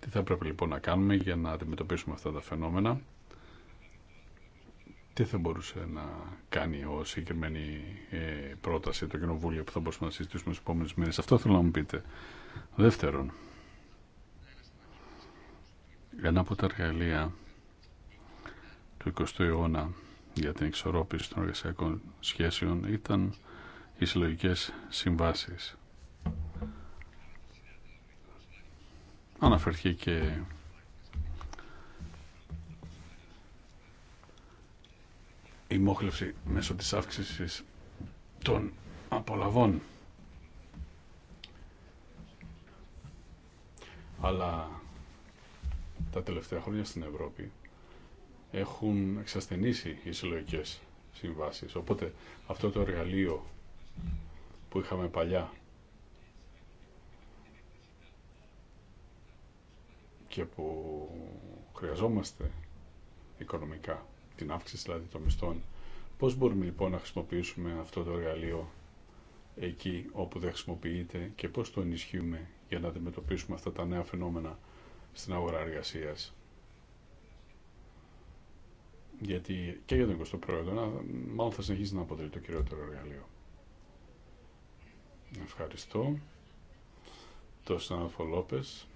Τι θα πρέπει λοιπόν να κάνουμε για να αντιμετωπίσουμε αυτά τα φαινόμενα, τι θα μπορούσε να κάνει ω συγκεκριμένη ε, πρόταση το Κοινοβούλιο που θα μπορούσαμε να συζητήσουμε στις μήνες. Αυτό θέλω να μου πείτε. Δεύτερον, ένα από τα εργαλεία του 20ου αιώνα για την εξορρόπηση των εργασιακών σχέσεων ήταν οι συλλογικέ συμβάσεις. Αναφερθεί και η μόχλευση μέσω της αύξησης των απολαβών. Αλλά τα τελευταία χρόνια στην Ευρώπη έχουν εξασθενήσει οι συλλογικές συμβάσεις. Οπότε αυτό το εργαλείο που είχαμε παλιά και που χρειαζόμαστε οικονομικά, την αύξηση δηλαδή των μισθών. Πώς μπορούμε λοιπόν να χρησιμοποιήσουμε αυτό το εργαλείο εκεί όπου δεν χρησιμοποιείται και πώς το ενισχύουμε για να αντιμετωπίσουμε αυτά τα νέα φαινόμενα στην αγορά εργασία. Γιατί και για τον 21ο αιώνα μάλλον θα συνεχίσει να αποτελεί το κυριότερο εργαλείο. Ευχαριστώ. Το συνάδελφο Λόπες.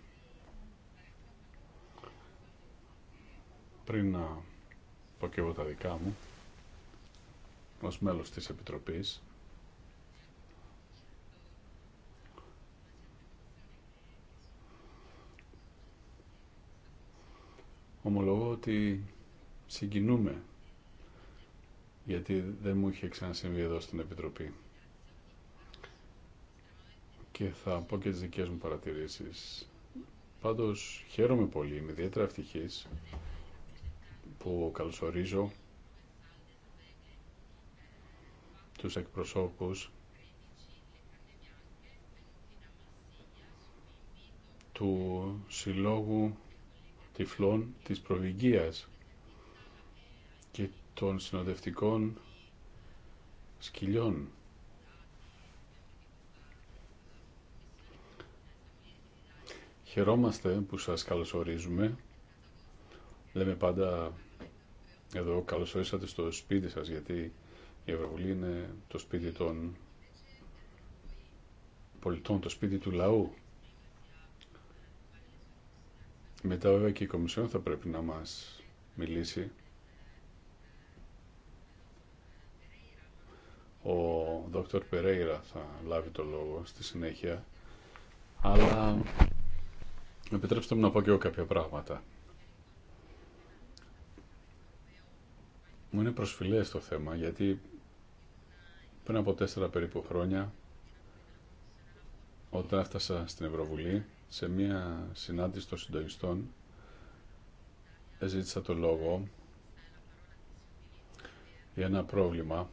Πριν να πω και εγώ τα δικά μου, ως μέλος της Επιτροπής, ομολογώ ότι συγκινούμε γιατί δεν μου είχε ξανασυμβεί εδώ στην Επιτροπή και θα πω και τις δικές μου παρατηρήσεις. Πάντως χαίρομαι πολύ, είμαι ιδιαίτερα ευτυχής που καλωσορίζω τους εκπροσώπους του Συλλόγου Τυφλών της Προβυγγίας και των συνοδευτικών σκυλιών Χαιρόμαστε που σας καλωσορίζουμε. Λέμε πάντα εδώ καλωσορίσατε στο σπίτι σας γιατί η Ευρωβουλή είναι το σπίτι των πολιτών, το σπίτι του λαού. Μετά βέβαια και η Κομισιόν θα πρέπει να μας μιλήσει. Ο Δόκτωρ Περέιρα θα λάβει το λόγο στη συνέχεια. Αλλά Επιτρέψτε μου να πω και εγώ κάποια πράγματα. Μου είναι προσφυλές το θέμα γιατί πριν από τέσσερα περίπου χρόνια όταν έφτασα στην Ευρωβουλή σε μία συνάντηση των συντονιστών ζήτησα το λόγο για ένα πρόβλημα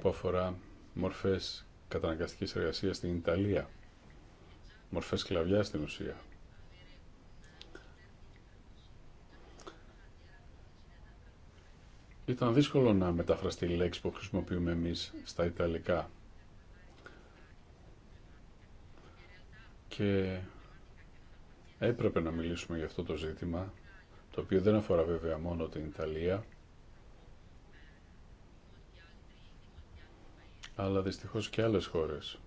που αφορά μορφές καταναγκαστικής εργασίας στην Ιταλία μορφές κλαβιά στην ουσία. Ήταν δύσκολο να μεταφραστεί η λέξη που χρησιμοποιούμε εμείς στα Ιταλικά. Και έπρεπε να μιλήσουμε για αυτό το ζήτημα, το οποίο δεν αφορά βέβαια μόνο την Ιταλία, αλλά δυστυχώς και άλλες χώρες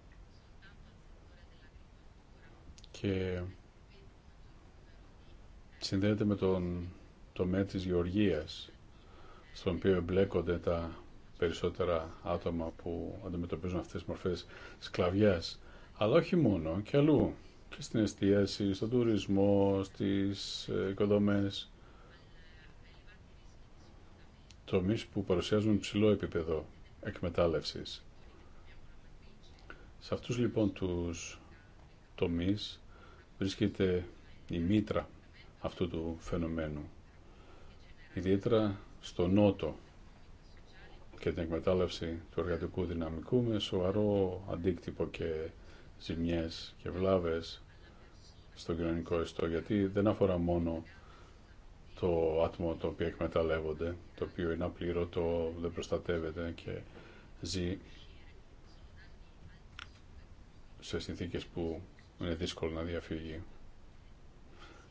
και συνδέεται με τον τομέα της γεωργίας στον οποίο εμπλέκονται τα περισσότερα άτομα που αντιμετωπίζουν αυτές τις μορφές σκλαβιάς αλλά όχι μόνο και αλλού και στην εστίαση, στον τουρισμό, στις ε, οικοδομές τομείς που παρουσιάζουν ψηλό επίπεδο εκμετάλλευσης. Σε αυτούς λοιπόν τους τομείς βρίσκεται η μήτρα αυτού του φαινομένου. Ιδιαίτερα στο νότο και την εκμετάλλευση του εργατικού δυναμικού με σοβαρό αντίκτυπο και ζημιές και βλάβες στο κοινωνικό ιστό, γιατί δεν αφορά μόνο το άτομο το οποίο εκμεταλλεύονται, το οποίο είναι απλήρωτο, δεν προστατεύεται και ζει σε συνθήκες που είναι δύσκολο να διαφύγει.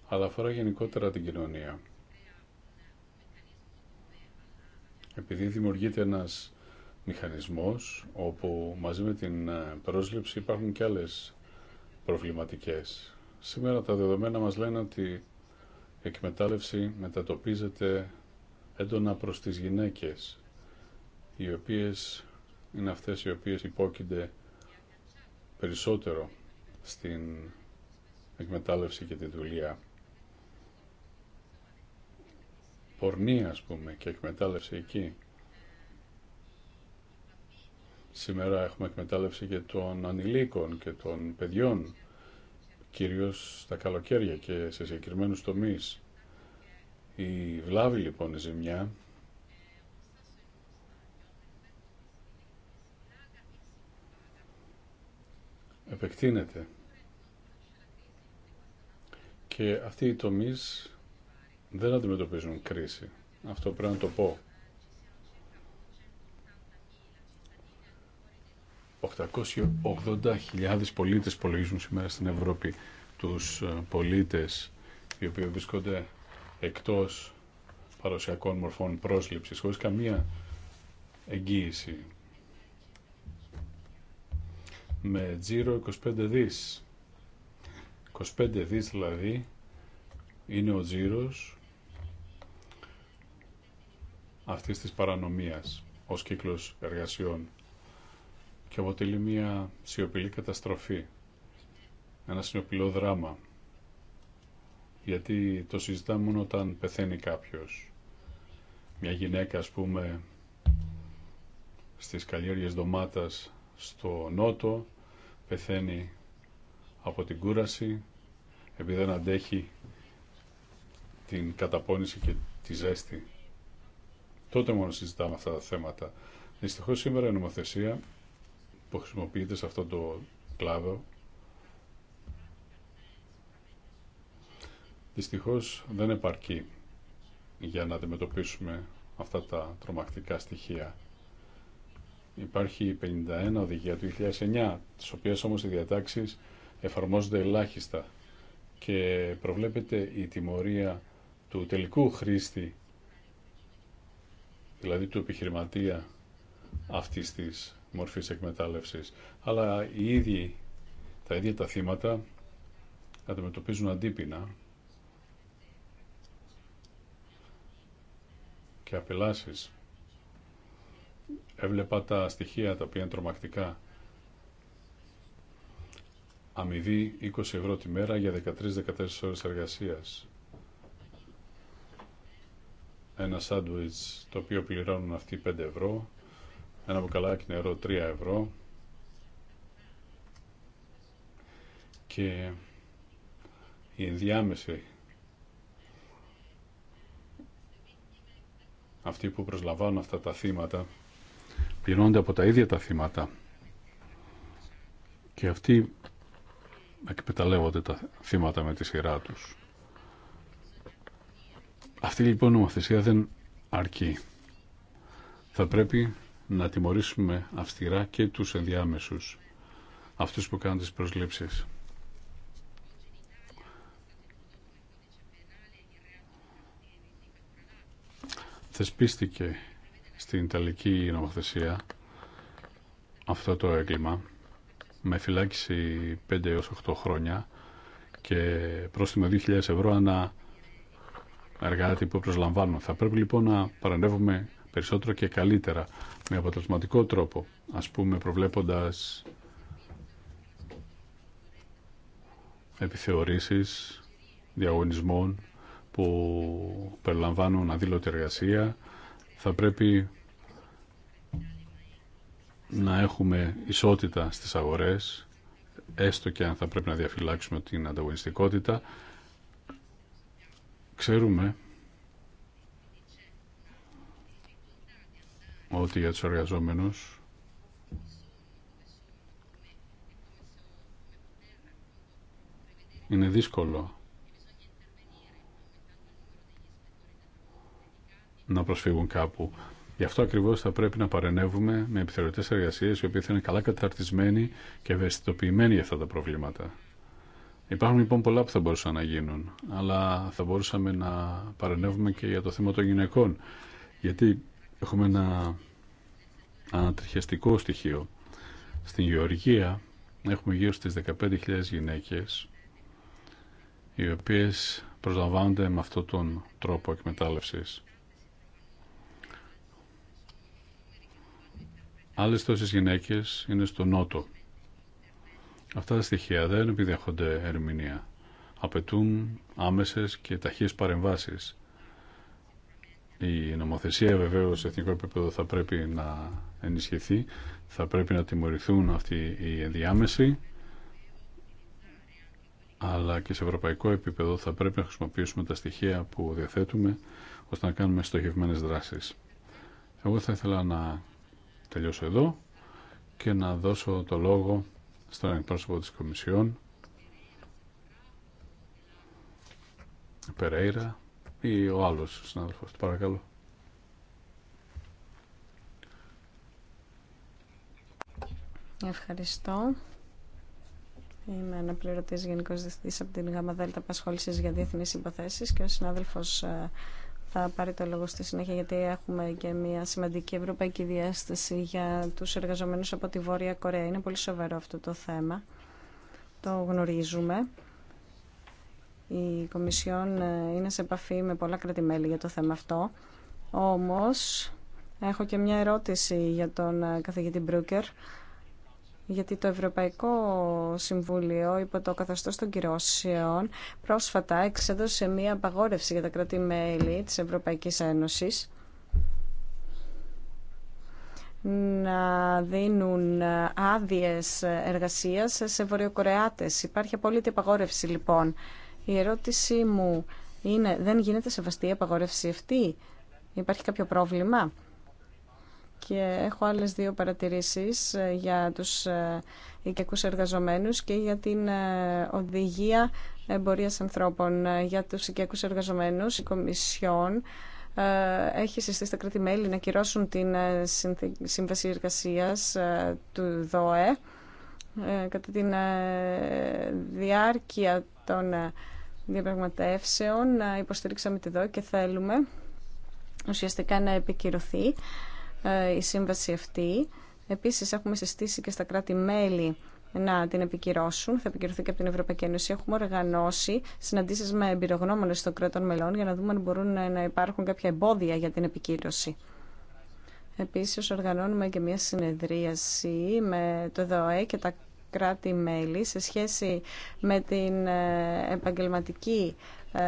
Αλλά αφορά γενικότερα την κοινωνία. Επειδή δημιουργείται ένας μηχανισμός όπου μαζί με την ε, πρόσληψη υπάρχουν και άλλες προβληματικές. Σήμερα τα δεδομένα μας λένε ότι η εκμετάλλευση μετατοπίζεται έντονα προς τις γυναίκες οι οποίες είναι αυτές οι οποίες υπόκεινται περισσότερο στην εκμετάλλευση και τη δουλεία. πορνίας ας πούμε, και εκμετάλλευση εκεί. Σήμερα έχουμε εκμετάλλευση και των ανηλίκων και των παιδιών, κυρίως στα καλοκαίρια και σε συγκεκριμένους τομείς. Η βλάβη λοιπόν η ζημιά επεκτείνεται. Και αυτοί οι τομείς δεν αντιμετωπίζουν κρίση. Αυτό πρέπει να το πω. 880.000 πολίτες υπολογίζουν σήμερα στην Ευρώπη τους ε, πολίτες οι οποίοι βρίσκονται εκτός παρουσιακών μορφών πρόσληψης χωρίς καμία εγγύηση με τζίρο 25 δις 25 δις δηλαδή είναι ο τζίρος αυτής της παρανομίας ως κύκλος εργασιών και αποτελεί μια σιωπηλή καταστροφή, ένα σιωπηλό δράμα, γιατί το συζητάμε μόνο όταν πεθαίνει κάποιος. Μια γυναίκα, ας πούμε, στις καλλιέργειες ντομάτας στο νότο, πεθαίνει από την κούραση, επειδή δεν αντέχει την καταπώνηση και τη ζέστη. Τότε μόνο συζητάμε αυτά τα θέματα. Δυστυχώ σήμερα η νομοθεσία που χρησιμοποιείται σε αυτό το κλάδο δυστυχώς δεν επαρκεί για να αντιμετωπίσουμε αυτά τα τρομακτικά στοιχεία. Υπάρχει η 51 οδηγία του 2009, τις οποίες όμως οι διατάξεις εφαρμόζονται ελάχιστα και προβλέπεται η τιμωρία του τελικού χρήστη, δηλαδή του επιχειρηματία αυτής της μορφής εκμετάλλευσης. Αλλά οι τα ίδια τα θύματα αντιμετωπίζουν αντίπεινα και απελάσεις. Έβλεπα τα στοιχεία τα οποία είναι τρομακτικά αμοιβή 20 ευρώ τη μέρα για 13-14 ώρες εργασίας. Ένα σάντουιτς το οποίο πληρώνουν αυτοί 5 ευρώ, ένα μπουκαλάκι νερό 3 ευρώ και η ενδιάμεση αυτοί που προσλαμβάνουν αυτά τα θύματα πληρώνονται από τα ίδια τα θύματα και αυτοί εκπαιταλεύονται τα θύματα με τη σειρά τους. Αυτή λοιπόν η νομοθεσία δεν αρκεί. Θα πρέπει να τιμωρήσουμε αυστηρά και τους ενδιάμεσους, αυτούς που κάνουν τις προσλήψεις. Θεσπίστηκε στην Ιταλική νομοθεσία αυτό το έγκλημα με φυλάκιση 5 έως 8 χρόνια και πρόστιμο 2.000 ευρώ ανά εργάτη που προσλαμβάνουν. Θα πρέπει λοιπόν να παρανεύουμε περισσότερο και καλύτερα με αποτελεσματικό τρόπο, ας πούμε προβλέποντας επιθεωρήσεις διαγωνισμών που περιλαμβάνουν αδήλωτη εργασία. Θα πρέπει να έχουμε ισότητα στις αγορές, έστω και αν θα πρέπει να διαφυλάξουμε την ανταγωνιστικότητα, ξέρουμε ότι για τους εργαζόμενους είναι δύσκολο να προσφύγουν κάπου Γι' αυτό ακριβώ θα πρέπει να παρενεύουμε με επιθεωρητέ εργασίε οι οποίοι θα είναι καλά καταρτισμένοι και ευαισθητοποιημένοι για αυτά τα προβλήματα. Υπάρχουν λοιπόν πολλά που θα μπορούσαν να γίνουν, αλλά θα μπορούσαμε να παρενεύουμε και για το θέμα των γυναικών. Γιατί έχουμε ένα ανατριχιαστικό στοιχείο. Στην Γεωργία έχουμε γύρω στις 15.000 γυναίκες οι οποίες προσλαμβάνονται με αυτόν τον τρόπο εκμετάλλευσης. Άλλες τόσες γυναίκες είναι στο νότο. Αυτά τα στοιχεία δεν επιδέχονται ερμηνεία. Απαιτούν άμεσες και ταχείες παρεμβάσεις. Η νομοθεσία βεβαίω σε εθνικό επίπεδο θα πρέπει να ενισχυθεί, θα πρέπει να τιμωρηθούν αυτοί οι ενδιάμεσοι, αλλά και σε ευρωπαϊκό επίπεδο θα πρέπει να χρησιμοποιήσουμε τα στοιχεία που διαθέτουμε ώστε να κάνουμε στοχευμένες δράσεις. Εγώ θα ήθελα να τελειώσω εδώ και να δώσω το λόγο στον εκπρόσωπο της Κομισιόν Περέιρα ή ο άλλος συνάδελφος. Παρακαλώ. Ευχαριστώ. Είμαι αναπληρωτής Γενικός Διευθυντής από την ΓΑΜΑ ΔΕΛΤΑ Πασχόλησης για Διεθνείς Υποθέσεις και ο συνάδελφος ε, θα πάρει το λόγο στη συνέχεια γιατί έχουμε και μια σημαντική ευρωπαϊκή διάσταση για τους εργαζομένους από τη Βόρεια Κορέα. Είναι πολύ σοβαρό αυτό το θέμα. Το γνωρίζουμε. Η Κομισιόν ε, είναι σε επαφή με πολλά κρατημέλη για το θέμα αυτό. Όμως, έχω και μια ερώτηση για τον ε, καθηγητή Μπρούκερ γιατί το Ευρωπαϊκό Συμβούλιο υπό το καθεστώς των κυρώσεων πρόσφατα εξέδωσε μία απαγόρευση για τα κράτη-μέλη της Ευρωπαϊκής Ένωσης να δίνουν άδειες εργασίας σε βορειοκορεάτες. Υπάρχει απόλυτη απαγόρευση λοιπόν. Η ερώτησή μου είναι δεν γίνεται σεβαστή η απαγόρευση αυτή. Υπάρχει κάποιο πρόβλημα. Και έχω άλλες δύο παρατηρήσεις ε, για τους ε, οικιακούς εργαζομένους και για την ε, οδηγία εμπορίας ανθρώπων. Για τους οικιακούς εργαζομένους, η Κομισιόν έχει συστήσει τα κράτη-μέλη να κυρώσουν την Σύμβαση Εργασίας του ΔΟΕ κατά την διάρκεια των διαπραγματεύσεων. Υποστηρίξαμε τη ΔΟΕ και θέλουμε ουσιαστικά να επικυρωθεί ε, η σύμβαση αυτή. Επίσης έχουμε συστήσει και στα κράτη-μέλη να την επικυρώσουν, θα επικυρωθεί και από την Ευρωπαϊκή Ένωση. Έχουμε οργανώσει συναντήσεις με εμπειρογνώμονες των κρατών μελών για να δούμε αν μπορούν να υπάρχουν κάποια εμπόδια για την επικύρωση. Επίσης οργανώνουμε και μια συνεδρίαση με το ΔΟΕ και τα κράτη-μέλη σε σχέση με την ε, επαγγελματική ε,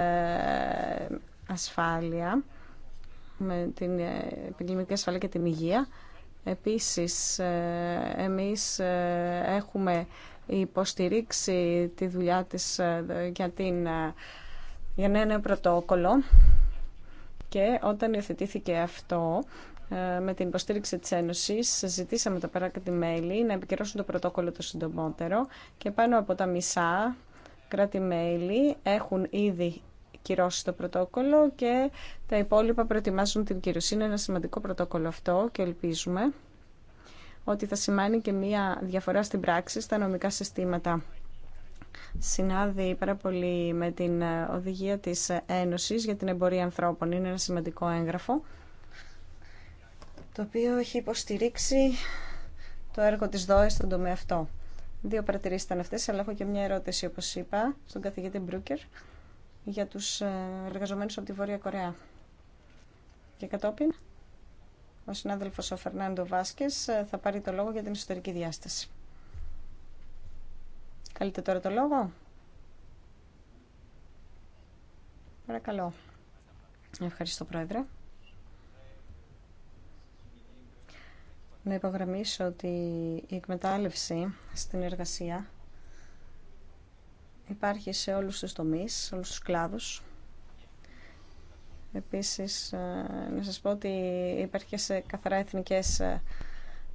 ασφάλεια με την επικοινωνική ασφάλεια και την υγεία. Επίσης, ε, εμείς ε, έχουμε υποστηρίξει τη δουλειά της ε, για, την, για ένα νέο πρωτόκολλο και όταν υιοθετήθηκε αυτό, με την υποστήριξη της Ένωσης, ζητήσαμε τα τη μελη να επικυρώσουν το πρωτόκολλο το συντομότερο και πάνω από τα μισά κράτη-μέλη έχουν ήδη κυρώσει το πρωτόκολλο και τα υπόλοιπα προετοιμάζουν την κύρωση. Είναι ένα σημαντικό πρωτόκολλο αυτό και ελπίζουμε ότι θα σημαίνει και μία διαφορά στην πράξη στα νομικά συστήματα. Συνάδει πάρα πολύ με την οδηγία της Ένωσης για την εμπορία ανθρώπων. Είναι ένα σημαντικό έγγραφο, το οποίο έχει υποστηρίξει το έργο της ΔΟΕ στον τομέα αυτό. Δύο παρατηρήσεις ήταν αυτές, αλλά έχω και μια ερώτηση, όπως είπα, στον καθηγητή Μπρούκερ για τους ε, εργαζομένους από τη Βόρεια Κορέα. Και κατόπιν, ο συνάδελφος ο Φερνάντο Βάσκες ε, θα πάρει το λόγο για την ιστορική διάσταση. Καλείτε τώρα το λόγο. Παρακαλώ. Ευχαριστώ, Πρόεδρε. Να υπογραμμίσω ότι η εκμετάλλευση στην εργασία υπάρχει σε όλους τους τομείς, σε όλους τους κλάδους. Επίσης, ε, να σας πω ότι υπάρχει και σε καθαρά εθνικές ε,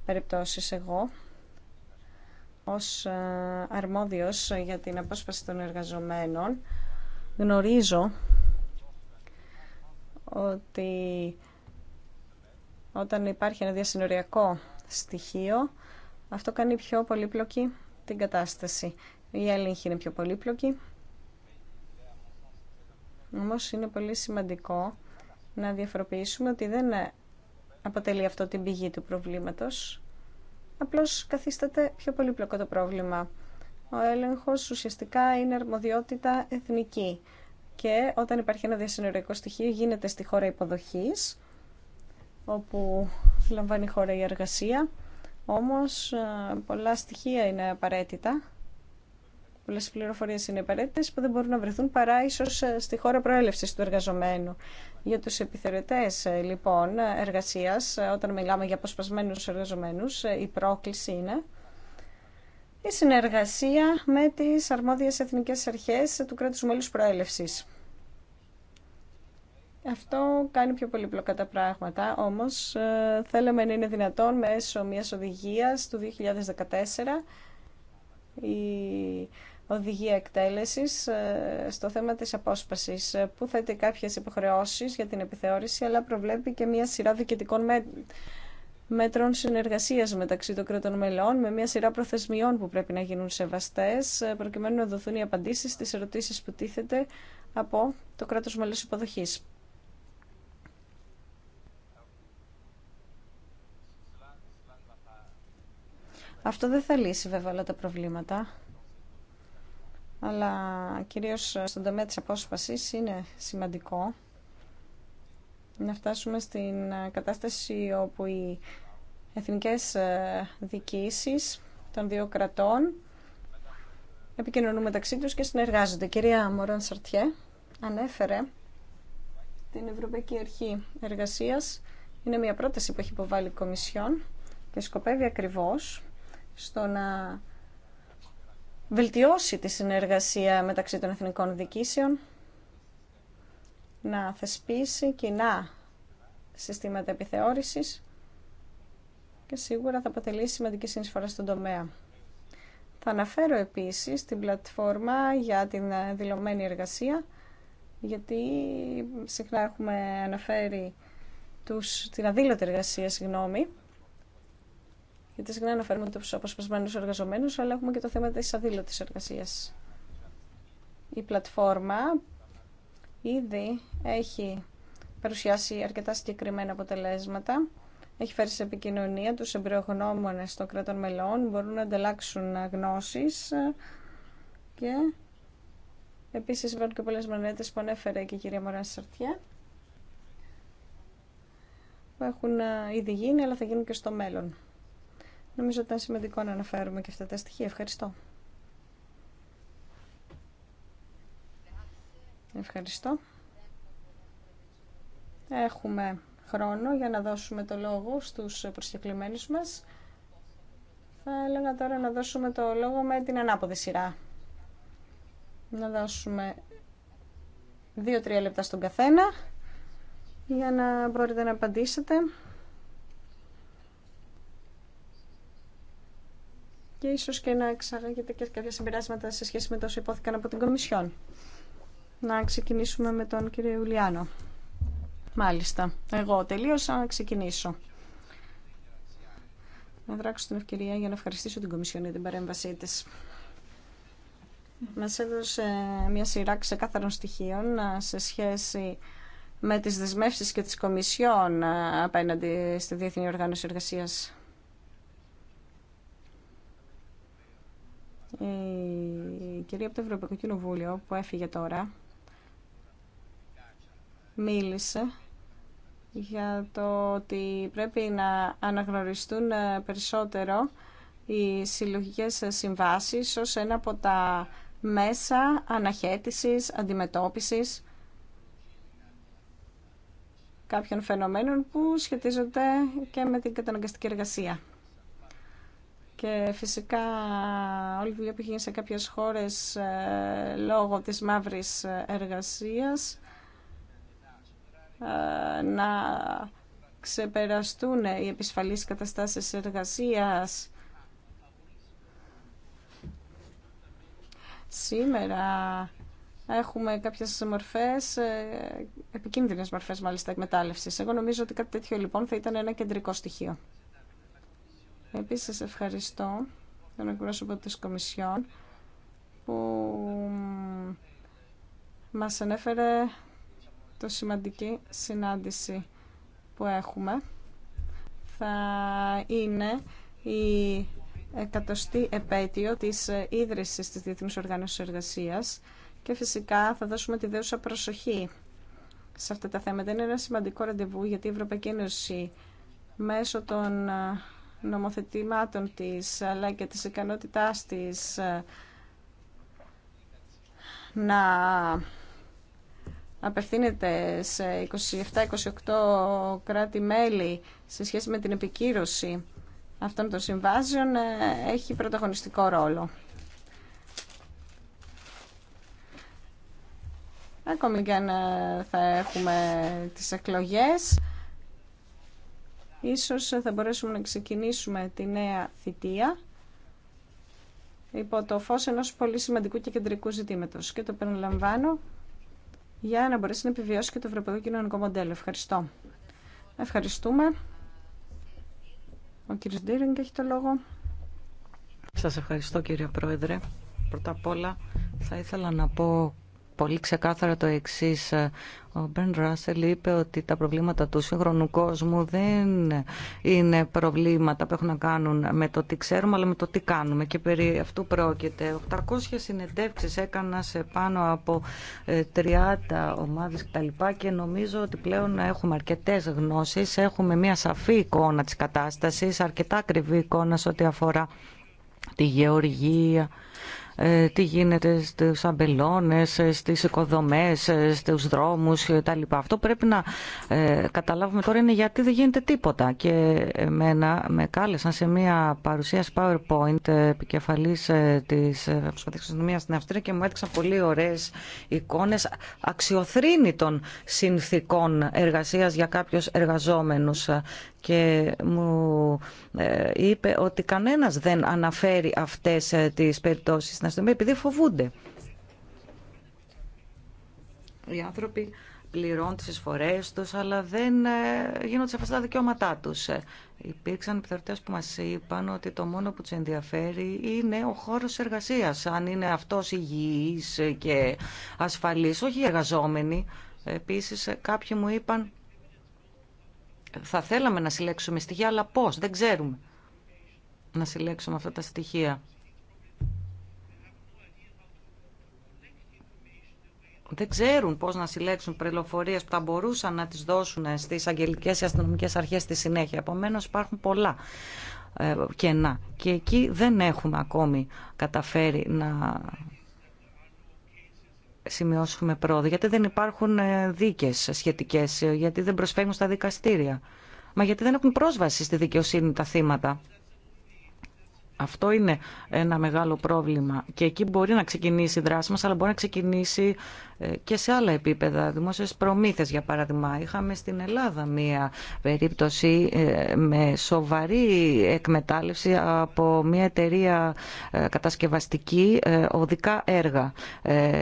περιπτώσεις εγώ. Ως ε, αρμόδιος για την απόσπαση των εργαζομένων, γνωρίζω ότι όταν υπάρχει ένα διασυνοριακό στοιχείο, αυτό κάνει πιο πολύπλοκη την κατάσταση. Η έλεγχη είναι πιο πολύπλοκη. Όμως είναι πολύ σημαντικό να διαφοροποιήσουμε ότι δεν αποτελεί αυτό την πηγή του προβλήματος. Απλώς καθίσταται πιο πολύπλοκο το πρόβλημα. Ο έλεγχος ουσιαστικά είναι αρμοδιότητα εθνική και όταν υπάρχει ένα διασυνοριακό στοιχείο γίνεται στη χώρα υποδοχής όπου λαμβάνει η χώρα η εργασία όμως ε, πολλά στοιχεία είναι απαραίτητα Πολλέ πληροφορίε είναι απαραίτητε που δεν μπορούν να βρεθούν παρά ίσω ε, στη χώρα προέλευση του εργαζομένου. Για του επιθεωρητέ ε, λοιπόν ε, εργασία, όταν μιλάμε για αποσπασμένου εργαζομένου, η πρόκληση είναι η συνεργασία με τι αρμόδιε εθνικέ αρχέ του κράτου μέλου προέλευση. Αυτό κάνει πιο πολύπλοκα τα πράγματα, όμως θέλαμε να είναι δυνατόν μέσω μιας οδηγίας του 2014 η οδηγία εκτέλεσης ε, στο θέμα της απόσπασης ε, που θέτει κάποιες υποχρεώσεις για την επιθεώρηση αλλά προβλέπει και μια σειρά διοικητικών μέτρων συνεργασίας μεταξύ των κρατών μελών με μια σειρά προθεσμιών που πρέπει να γίνουν σεβαστές ε, προκειμένου να δοθούν οι απαντήσεις στις ερωτήσεις που τίθεται από το κράτος μέλος υποδοχής. Αυτό δεν θα λύσει βέβαια όλα τα προβλήματα αλλά κυρίως στον τομέα της απόσπασης είναι σημαντικό να φτάσουμε στην ε, κατάσταση όπου οι εθνικές ε, διοικήσεις των δύο κρατών επικοινωνούν μεταξύ τους και συνεργάζονται. κυρία Μωράν Σαρτιέ ανέφερε την Ευρωπαϊκή Αρχή Εργασίας. Είναι μια πρόταση που έχει υποβάλει η Κομισιόν και σκοπεύει ακριβώς στο να βελτιώσει τη συνεργασία μεταξύ των εθνικών δικήσεων, να θεσπίσει κοινά συστήματα επιθεώρησης και σίγουρα θα αποτελεί σημαντική συνεισφορά στον τομέα. Θα αναφέρω επίσης την πλατφόρμα για την δηλωμένη εργασία, γιατί συχνά έχουμε αναφέρει τους, την αδήλωτη εργασία, συγγνώμη, γιατί συχνά αναφέρουμε του αποσπασμένου εργαζομένου, αλλά έχουμε και το θέμα τη αδήλωτη εργασία. Η πλατφόρμα ήδη έχει παρουσιάσει αρκετά συγκεκριμένα αποτελέσματα. Έχει φέρει σε επικοινωνία τους εμπειρογνώμονες των κρατών μελών, μπορούν να ανταλλάξουν γνώσεις και επίσης υπάρχουν και πολλές μανέτες που ανέφερε και η κυρία Μωράν Σαρτιέ που έχουν ε, ήδη γίνει αλλά θα γίνουν και στο μέλλον. Νομίζω ότι ήταν σημαντικό να αναφέρουμε και αυτά τα στοιχεία. Ευχαριστώ. Ευχαριστώ. Έχουμε χρόνο για να δώσουμε το λόγο στους προσκεκλημένους μας. Θα έλεγα τώρα να δώσουμε το λόγο με την ανάποδη σειρά. Να δώσουμε δύο-τρία λεπτά στον καθένα για να μπορείτε να απαντήσετε. και ίσω και να εξαγάγετε και κάποια συμπεράσματα σε σχέση με τόσο υπόθηκαν από την Κομισιόν. Να ξεκινήσουμε με τον κύριο Ιουλιάνο. Μάλιστα. Εγώ τελείωσα να ξεκινήσω. Να δράξω την ευκαιρία για να ευχαριστήσω την Κομισιόν για την παρέμβασή τη. Μα έδωσε μια σειρά ξεκάθαρων στοιχείων σε σχέση με τις δεσμεύσεις και τις Κομισιόν απέναντι στη Διεθνή Οργάνωση Εργασίας Η κυρία από το Ευρωπαϊκό Κοινοβούλιο που έφυγε τώρα μίλησε για το ότι πρέπει να αναγνωριστούν περισσότερο οι συλλογικές συμβάσεις ως ένα από τα μέσα αναχέτησης, αντιμετώπισης κάποιων φαινομένων που σχετίζονται και με την καταναγκαστική εργασία. Και φυσικά όλη η δουλειά που γίνει σε κάποιες χώρες ε, λόγω της μαύρης ε, εργασίας ε, να ξεπεραστούν οι επισφαλείς καταστάσεις εργασίας. Σήμερα έχουμε κάποιες μορφές, επικίνδυνες μορφές μάλιστα εκμετάλλευσης. Εγώ νομίζω ότι κάτι τέτοιο λοιπόν θα ήταν ένα κεντρικό στοιχείο. Επίσης ευχαριστώ τον εκπρόσωπο της Κομισιόν που μας ανέφερε το σημαντική συνάντηση που έχουμε. Θα είναι η εκατοστή επέτειο της ίδρυσης της Διεθνούς Οργάνωσης Εργασίας και φυσικά θα δώσουμε τη δέουσα προσοχή σε αυτά τα θέματα. Είναι ένα σημαντικό ραντεβού γιατί η Ευρωπαϊκή Ένωση μέσω των νομοθετημάτων της αλλά και της ικανότητάς της ε, να απευθύνεται σε 27-28 κράτη-μέλη σε σχέση με την επικύρωση αυτών των συμβάσεων ε, έχει πρωταγωνιστικό ρόλο. Ακόμη και αν ε, θα έχουμε τις εκλογές, Ίσως θα μπορέσουμε να ξεκινήσουμε τη νέα θητεία υπό το φως ενός πολύ σημαντικού και κεντρικού ζητήματος. Και το περιλαμβάνω για να μπορέσει να επιβιώσει και το ευρωπαϊκό κοινωνικό μοντέλο. Ευχαριστώ. Ευχαριστούμε. Ο κύριος Ντίρινγκ έχει το λόγο. Σας ευχαριστώ κύριε Πρόεδρε. Πρώτα απ' όλα θα ήθελα να πω πολύ ξεκάθαρα το εξή. Ο Μπεν Ράσελ είπε ότι τα προβλήματα του σύγχρονου κόσμου δεν είναι προβλήματα που έχουν να κάνουν με το τι ξέρουμε, αλλά με το τι κάνουμε. Και περί αυτού πρόκειται. 800 συνεντεύξει έκανα σε πάνω από 30 ε, ομάδε κτλ. Και νομίζω ότι πλέον έχουμε αρκετέ γνώσει, έχουμε μια σαφή εικόνα τη κατάσταση, αρκετά ακριβή εικόνα σε ό,τι αφορά τη γεωργία, ε, τι γίνεται στους αμπελώνες, ε, στις οικοδομές, ε, στους δρόμους λοιπά. Αυτό πρέπει να καταλάβουμε τώρα είναι γιατί δεν γίνεται τίποτα. Και εμένα με κάλεσαν σε μια παρουσίαση PowerPoint επικεφαλής της Ευρωπαϊκής στην Αυστρία και μου έδειξαν πολύ ωραίες εικόνες αξιοθρύνητων συνθήκων εργασίας για κάποιους εργαζόμενους και μου ε, είπε ότι κανένας δεν αναφέρει αυτές ε, τις περιπτώσεις στην αστυνομία επειδή φοβούνται. Οι άνθρωποι πληρώνουν τις εισφορές τους, αλλά δεν ε, γίνονται σε αυτά τα δικαιώματά τους. Υπήρξαν επιθεωρητές που μας είπαν ότι το μόνο που τους ενδιαφέρει είναι ο χώρος εργασίας. Αν είναι αυτός υγιής και ασφαλής, όχι οι εργαζόμενοι. Επίσης, κάποιοι μου είπαν θα θέλαμε να συλλέξουμε στοιχεία, αλλά πώς, δεν ξέρουμε να συλλέξουμε αυτά τα στοιχεία. δεν ξέρουν πώς να συλλέξουν πληροφορίε που θα μπορούσαν να τις δώσουν στις αγγελικές και αστυνομικές αρχές στη συνέχεια. Επομένω υπάρχουν πολλά ε, κενά και εκεί δεν έχουμε ακόμη καταφέρει να σημειώσουμε πρόοδο, γιατί δεν υπάρχουν ε, δίκες σχετικές, ε, γιατί δεν προσφέρουν στα δικαστήρια. Μα γιατί δεν έχουν πρόσβαση στη δικαιοσύνη τα θύματα. Αυτό είναι ένα μεγάλο πρόβλημα και εκεί μπορεί να ξεκινήσει η δράση μας, αλλά μπορεί να ξεκινήσει ε, και σε άλλα επίπεδα, δημόσιες προμήθειες για παράδειγμα. Είχαμε στην Ελλάδα μία περίπτωση ε, με σοβαρή εκμετάλλευση από μία εταιρεία ε, κατασκευαστική οδικά έργα.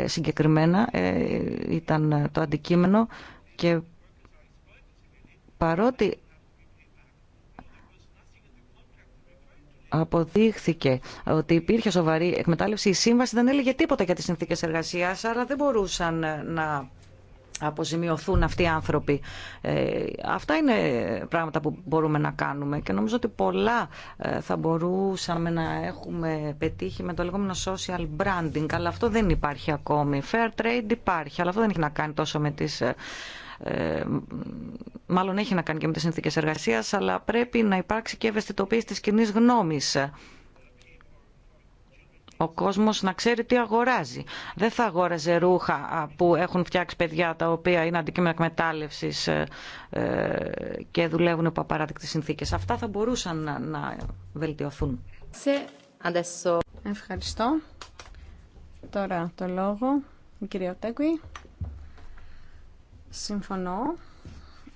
Συγκεκριμένα ήταν το αντικείμενο και παρότι αποδείχθηκε ότι υπήρχε σοβαρή εκμετάλλευση. Η σύμβαση δεν έλεγε τίποτα για τις συνθήκες εργασίας, άρα δεν μπορούσαν ε, να αποζημιωθούν αυτοί οι άνθρωποι. Ε, αυτά είναι πράγματα που μπορούμε να κάνουμε και νομίζω ότι πολλά ε, θα μπορούσαμε να έχουμε πετύχει με το λεγόμενο social branding, αλλά αυτό δεν υπάρχει ακόμη. Fair trade υπάρχει, αλλά αυτό δεν έχει να κάνει τόσο με τις ε, μάλλον έχει να κάνει και με τις συνθήκες εργασίας, αλλά πρέπει να υπάρξει και ευαισθητοποίηση της κοινή γνώμης. Ο κόσμος να ξέρει τι αγοράζει. Δεν θα αγόραζε ρούχα που έχουν φτιάξει παιδιά τα οποία είναι αντικείμενα εκμετάλλευση ε, ε, και δουλεύουν υπό απαράδεκτες συνθήκες. Αυτά θα μπορούσαν να βελτιωθούν. Ευχαριστώ. Τώρα το λόγο, η κυρία Τέκουη. Συμφωνώ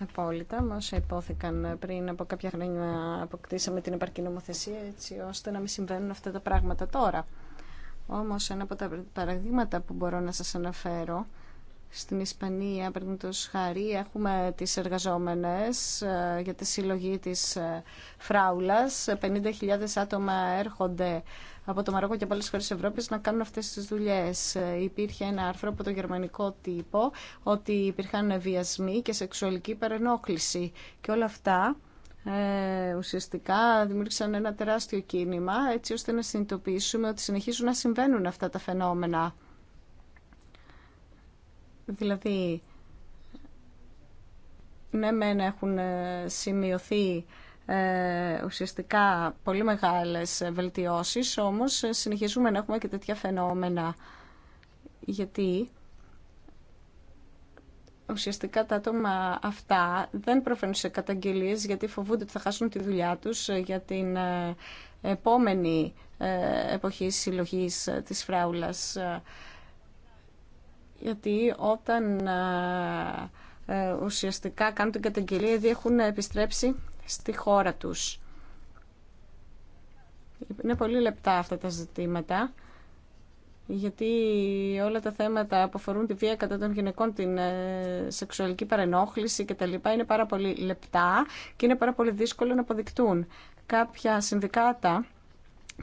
απόλυτα. όσα υπόθηκαν πριν από κάποια χρόνια αποκτήσαμε την επαρκή νομοθεσία έτσι ώστε να μην συμβαίνουν αυτά τα πράγματα τώρα. Όμως ένα από τα παραδείγματα που μπορώ να σας αναφέρω στην Ισπανία, το χάρη, έχουμε τις εργαζόμενες ε, για τη συλλογή της ε, φράουλα. 50.000 ε, άτομα έρχονται από το Μαρόκο και από άλλες χώρες Ευρώπης να κάνουν αυτές τις δουλειές. Υπήρχε ένα άρθρο από το γερμανικό τύπο ότι υπήρχαν βιασμοί και σεξουαλική παρενόχληση και όλα αυτά ουσιαστικά δημιούργησαν ένα τεράστιο κίνημα έτσι ώστε να συνειδητοποιήσουμε ότι συνεχίζουν να συμβαίνουν αυτά τα φαινόμενα. Δηλαδή, ναι έχουν ε, σημειωθεί ε, ουσιαστικά πολύ μεγάλες βελτιώσεις, όμως ε, συνεχίζουμε να έχουμε και τέτοια φαινόμενα. Γιατί ουσιαστικά τα άτομα αυτά δεν προφέρουν σε καταγγελίες γιατί φοβούνται ότι θα χάσουν τη δουλειά τους για την επόμενη εποχή συλλογής της φράουλας γιατί όταν ε, ε, ουσιαστικά κάνουν την καταγγελία ήδη έχουν επιστρέψει στη χώρα τους. Είναι πολύ λεπτά αυτά τα ζητήματα γιατί όλα τα θέματα που αφορούν τη βία κατά των γυναικών, την ε, σεξουαλική παρενόχληση κτλ. είναι πάρα πολύ λεπτά και είναι πάρα πολύ δύσκολο να αποδεικτούν. Κάποια συνδικάτα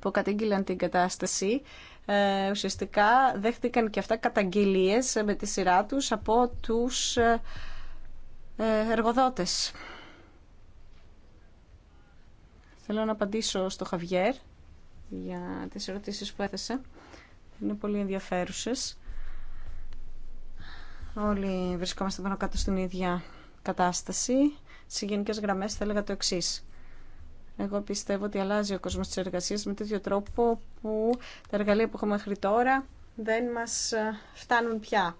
που κατήγγυλαν την κατάσταση ε, ουσιαστικά δέχτηκαν και αυτά καταγγελίες με τη σειρά τους από τους ε, ε, εργοδότες. Θέλω να απαντήσω στο Χαβιέρ για τις ερωτήσεις που έθεσε. Είναι πολύ ενδιαφέρουσες. Όλοι βρισκόμαστε πάνω κάτω στην ίδια κατάσταση. Σε γενικές γραμμές θα έλεγα το εξής. Εγώ πιστεύω ότι αλλάζει ο κόσμος της εργασίας με τέτοιο τρόπο που τα εργαλεία που έχουμε μέχρι τώρα δεν μας ε, φτάνουν πια.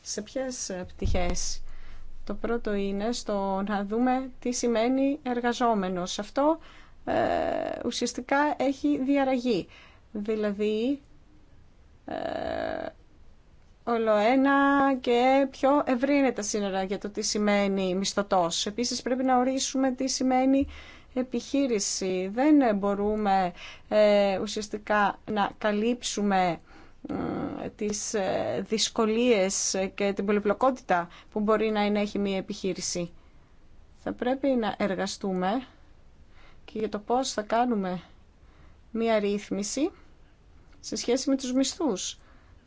Σε ποιες ε, πτυχές. Το πρώτο είναι στο να δούμε τι σημαίνει εργαζόμενος. Αυτό ε, ουσιαστικά έχει διαραγεί. Δηλαδή, ε, όλο ένα και πιο ευρύνεται τα σύνορα για το τι σημαίνει μισθωτός. Επίσης πρέπει να ορίσουμε τι σημαίνει επιχείρηση. Δεν μπορούμε ε, ουσιαστικά να καλύψουμε ε, τις ε, δυσκολίες και την πολυπλοκότητα που μπορεί να έχει μια επιχείρηση. Θα πρέπει να εργαστούμε και για το πώς θα κάνουμε μια ρύθμιση σε σχέση με τους μισθούς.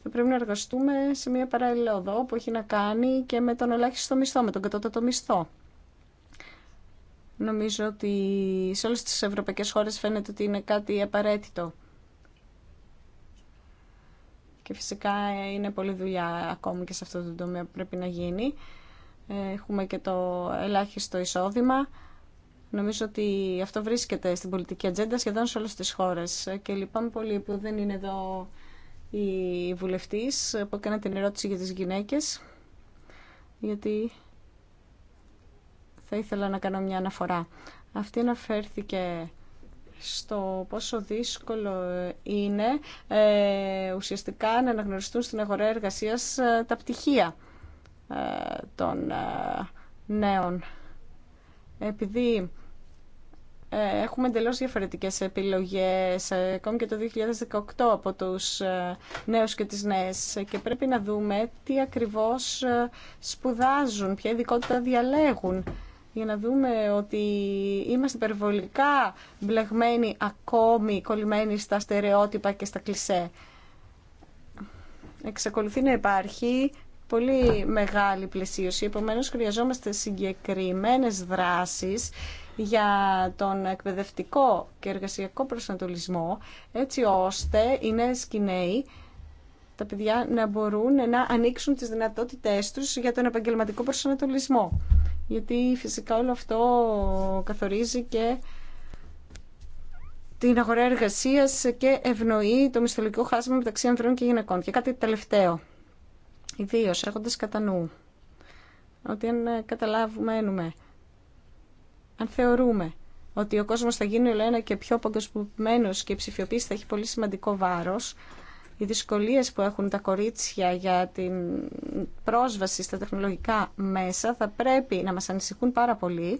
Θα πρέπει να εργαστούμε σε μια παραλληλόδο που έχει να κάνει και με τον ελάχιστο μισθό, με τον κατώτατο μισθό. Νομίζω ότι σε όλες τις ευρωπαϊκές χώρες φαίνεται ότι είναι κάτι απαραίτητο. Και φυσικά είναι πολλή δουλειά ακόμη και σε αυτό το τομέα που πρέπει να γίνει. Έχουμε και το ελάχιστο εισόδημα. Νομίζω ότι αυτό βρίσκεται στην πολιτική ατζέντα σχεδόν σε όλες τις χώρες. Και λυπάμαι πολύ που δεν είναι εδώ η βουλευτής που έκανε την ερώτηση για τις γυναίκες. Γιατί θα ήθελα να κάνω μια αναφορά. Αυτή αναφέρθηκε στο πόσο δύσκολο είναι ε, ουσιαστικά να αναγνωριστούν στην αγορά εργασίας ε, τα πτυχία ε, των ε, νέων. Επειδή έχουμε εντελώς διαφορετικές επιλογές ακόμη και το 2018 από τους νέους και τις νέες και πρέπει να δούμε τι ακριβώς σπουδάζουν, ποια ειδικότητα διαλέγουν για να δούμε ότι είμαστε υπερβολικά μπλεγμένοι ακόμη κολλημένοι στα στερεότυπα και στα κλισέ. Εξακολουθεί να υπάρχει πολύ μεγάλη πλαισίωση, επομένως χρειαζόμαστε συγκεκριμένες δράσεις για τον εκπαιδευτικό και εργασιακό προσανατολισμό, έτσι ώστε οι νέες τα παιδιά να μπορούν να ανοίξουν τις δυνατότητές τους για τον επαγγελματικό προσανατολισμό γιατί φυσικά όλο αυτό καθορίζει και την αγορά εργασία και ευνοεί το μισθολογικό χάσμα μεταξύ ανδρών και γυναικών. Και κάτι τελευταίο. Ιδίω έχοντα κατά νου ότι αν καταλάβουμε, ένουμε, αν θεωρούμε ότι ο κόσμος θα γίνει όλο ένα και πιο παγκοσμιοποιημένος και η ψηφιοποίηση θα έχει πολύ σημαντικό βάρος, οι δυσκολίες που έχουν τα κορίτσια για την πρόσβαση στα τεχνολογικά μέσα θα πρέπει να μας ανησυχούν πάρα πολύ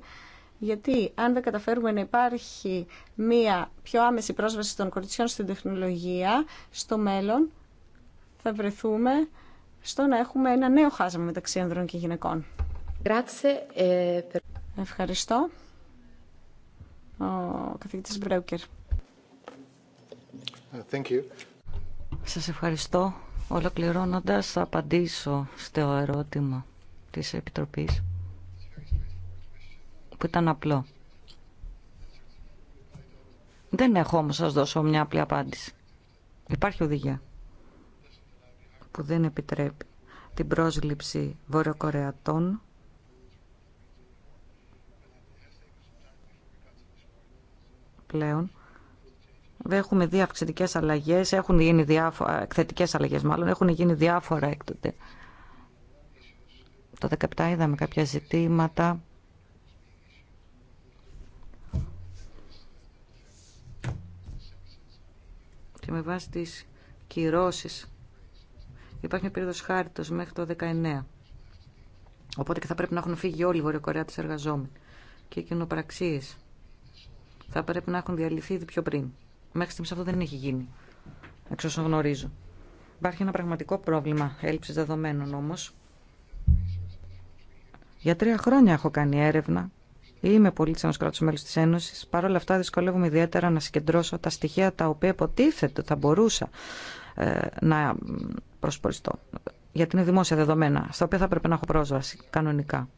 γιατί αν δεν καταφέρουμε να υπάρχει μία πιο άμεση πρόσβαση των κοριτσιών στην τεχνολογία, στο μέλλον θα βρεθούμε στο να έχουμε ένα νέο χάσμα μεταξύ ανδρών και γυναικών. Ε, Ευχαριστώ. Ο καθηγητής Μπρέουκερ. Thank σας ευχαριστώ. Ολοκληρώνοντας θα απαντήσω στο ερώτημα της Επιτροπής που ήταν απλό. Δεν έχω όμως σας δώσω μια απλή απάντηση. Υπάρχει οδηγία που δεν επιτρέπει την πρόσληψη βορειοκορεατών πλέον Έχουμε δει αυξητικέ αλλαγέ, έχουν γίνει διάφορα, εκθετικέ αλλαγέ μάλλον, έχουν γίνει διάφορα έκτοτε. Το 17 είδαμε κάποια ζητήματα. Και με βάση τις κυρώσεις υπάρχει μια περίοδος χάριτος μέχρι το 19. Οπότε και θα πρέπει να έχουν φύγει όλοι οι Βορειοκορεάτε εργαζόμενοι και οι κοινοπραξίες. Θα πρέπει να έχουν διαλυθεί ήδη πιο πριν. Μέχρι στιγμής αυτό δεν έχει γίνει, εξ όσων γνωρίζω. Υπάρχει ένα πραγματικό πρόβλημα έλλειψη δεδομένων όμω. Για τρία χρόνια έχω κάνει έρευνα. Είμαι πολύ ενό κράτου μέλου τη Ένωση. Παρ' όλα αυτά, δυσκολεύομαι ιδιαίτερα να συγκεντρώσω τα στοιχεία τα οποία υποτίθεται θα μπορούσα ε, να προσποριστώ. Γιατί είναι δημόσια δεδομένα, στα οποία θα έπρεπε να έχω πρόσβαση κανονικά.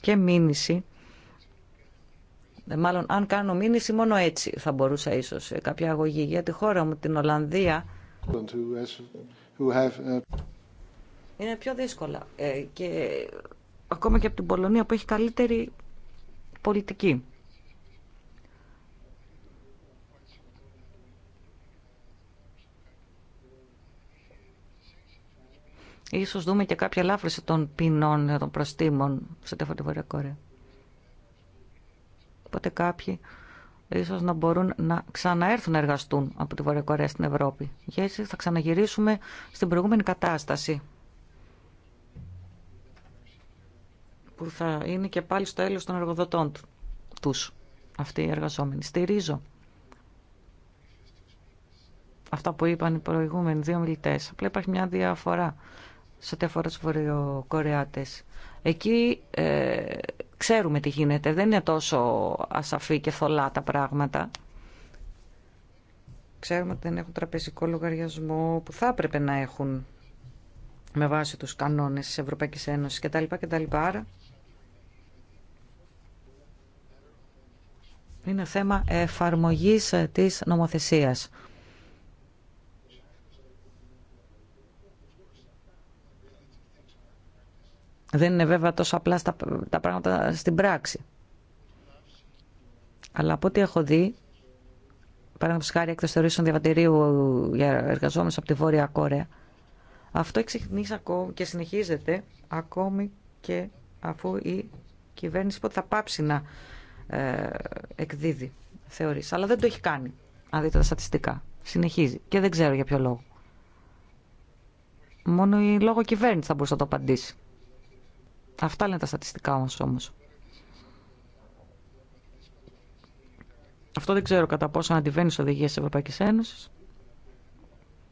Και μήνυση Μάλλον αν κάνω μήνυση μόνο έτσι θα μπορούσα ίσως ε, κάποια αγωγή. Για τη χώρα μου, την Ολλανδία, είναι πιο δύσκολα. Ε, και ακόμα και από την Πολωνία που έχει καλύτερη πολιτική. Ίσως δούμε και κάποια ελάφρυση των ποινών, των προστήμων σε τέτοια Βορεια Οπότε κάποιοι ίσω να μπορούν να ξαναέρθουν να εργαστούν από τη Βορεια Κορέα στην Ευρώπη. Και έτσι θα ξαναγυρίσουμε στην προηγούμενη κατάσταση. Που θα είναι και πάλι στο έλεος των εργοδοτών τους αυτοί οι εργαζόμενοι. Στηρίζω αυτά που είπαν οι προηγούμενοι δύο μιλητέ. Απλά υπάρχει μια διαφορά σε ό,τι αφορά του Βορειοκορεάτε. Εκεί ε, Ξέρουμε τι γίνεται. Δεν είναι τόσο ασαφή και θολά τα πράγματα. Ξέρουμε ότι δεν έχουν τραπεζικό λογαριασμό που θα έπρεπε να έχουν με βάση τους κανόνες της Ευρωπαϊκής Ένωσης κτλ. κτλ. Άρα είναι θέμα εφαρμογής της νομοθεσίας. Δεν είναι βέβαια τόσο απλά στα, τα πράγματα στην πράξη. Αλλά από ό,τι έχω δει, παραδείγματο χάρη εκτό θεωρήσεων διαβατηρίου για εργαζόμενου από τη Βόρεια Κόρεα, αυτό έχει ξεκινήσει και συνεχίζεται ακόμη και αφού η κυβέρνηση ότι θα πάψει να ε, εκδίδει θεωρήσει. Αλλά δεν το έχει κάνει, αν δείτε τα στατιστικά. Συνεχίζει και δεν ξέρω για ποιο λόγο. Μόνο η λόγο κυβέρνηση θα μπορούσε να το απαντήσει. Αυτά λένε τα στατιστικά μας όμως. Αυτό δεν ξέρω κατά πόσο αντιβαίνει στις οδηγίες της Ευρωπαϊκής Ένωσης.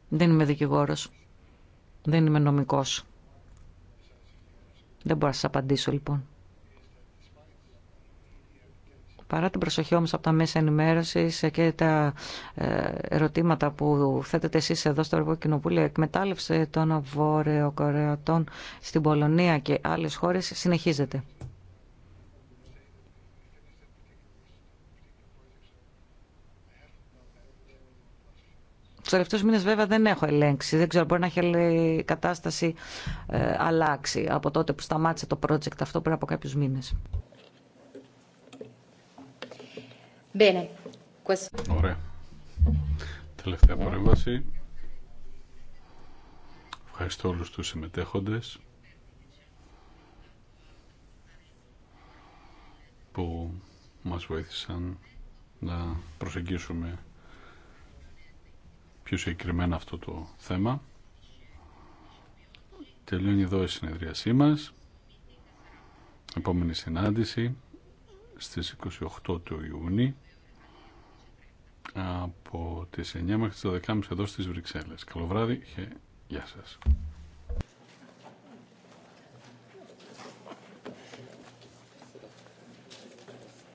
Δεν είμαι δικηγόρος. Δεν είμαι νομικός. Δεν μπορώ να σας απαντήσω λοιπόν. Παρά την προσοχή όμως από τα μέσα ενημέρωσης και τα ε, ερωτήματα που θέτετε εσείς εδώ στο Ευρωπαϊκό Κοινοβούλιο, εκμετάλλευση των Βόρειο-Κορεατών στην Πολωνία και άλλες χώρες συνεχίζεται. Στου τελευταίου μήνε βέβαια δεν έχω ελέγξει. Δεν ξέρω, μπορεί να έχει η κατάσταση ε, αλλάξει από τότε που σταμάτησε το project αυτό πριν από κάποιου μήνε. Bene. Ωραία. Τελευταία παρέμβαση. Ευχαριστώ όλους τους συμμετέχοντες που μας βοήθησαν να προσεγγίσουμε πιο συγκεκριμένα αυτό το θέμα. Τελειώνει εδώ η συνεδρίασή μας. Επόμενη συνάντηση στις 28 του Ιούνιου από τις 9 μέχρι τις 12.30 εδώ στις Βρυξέλλες. Καλό βράδυ και γεια σας.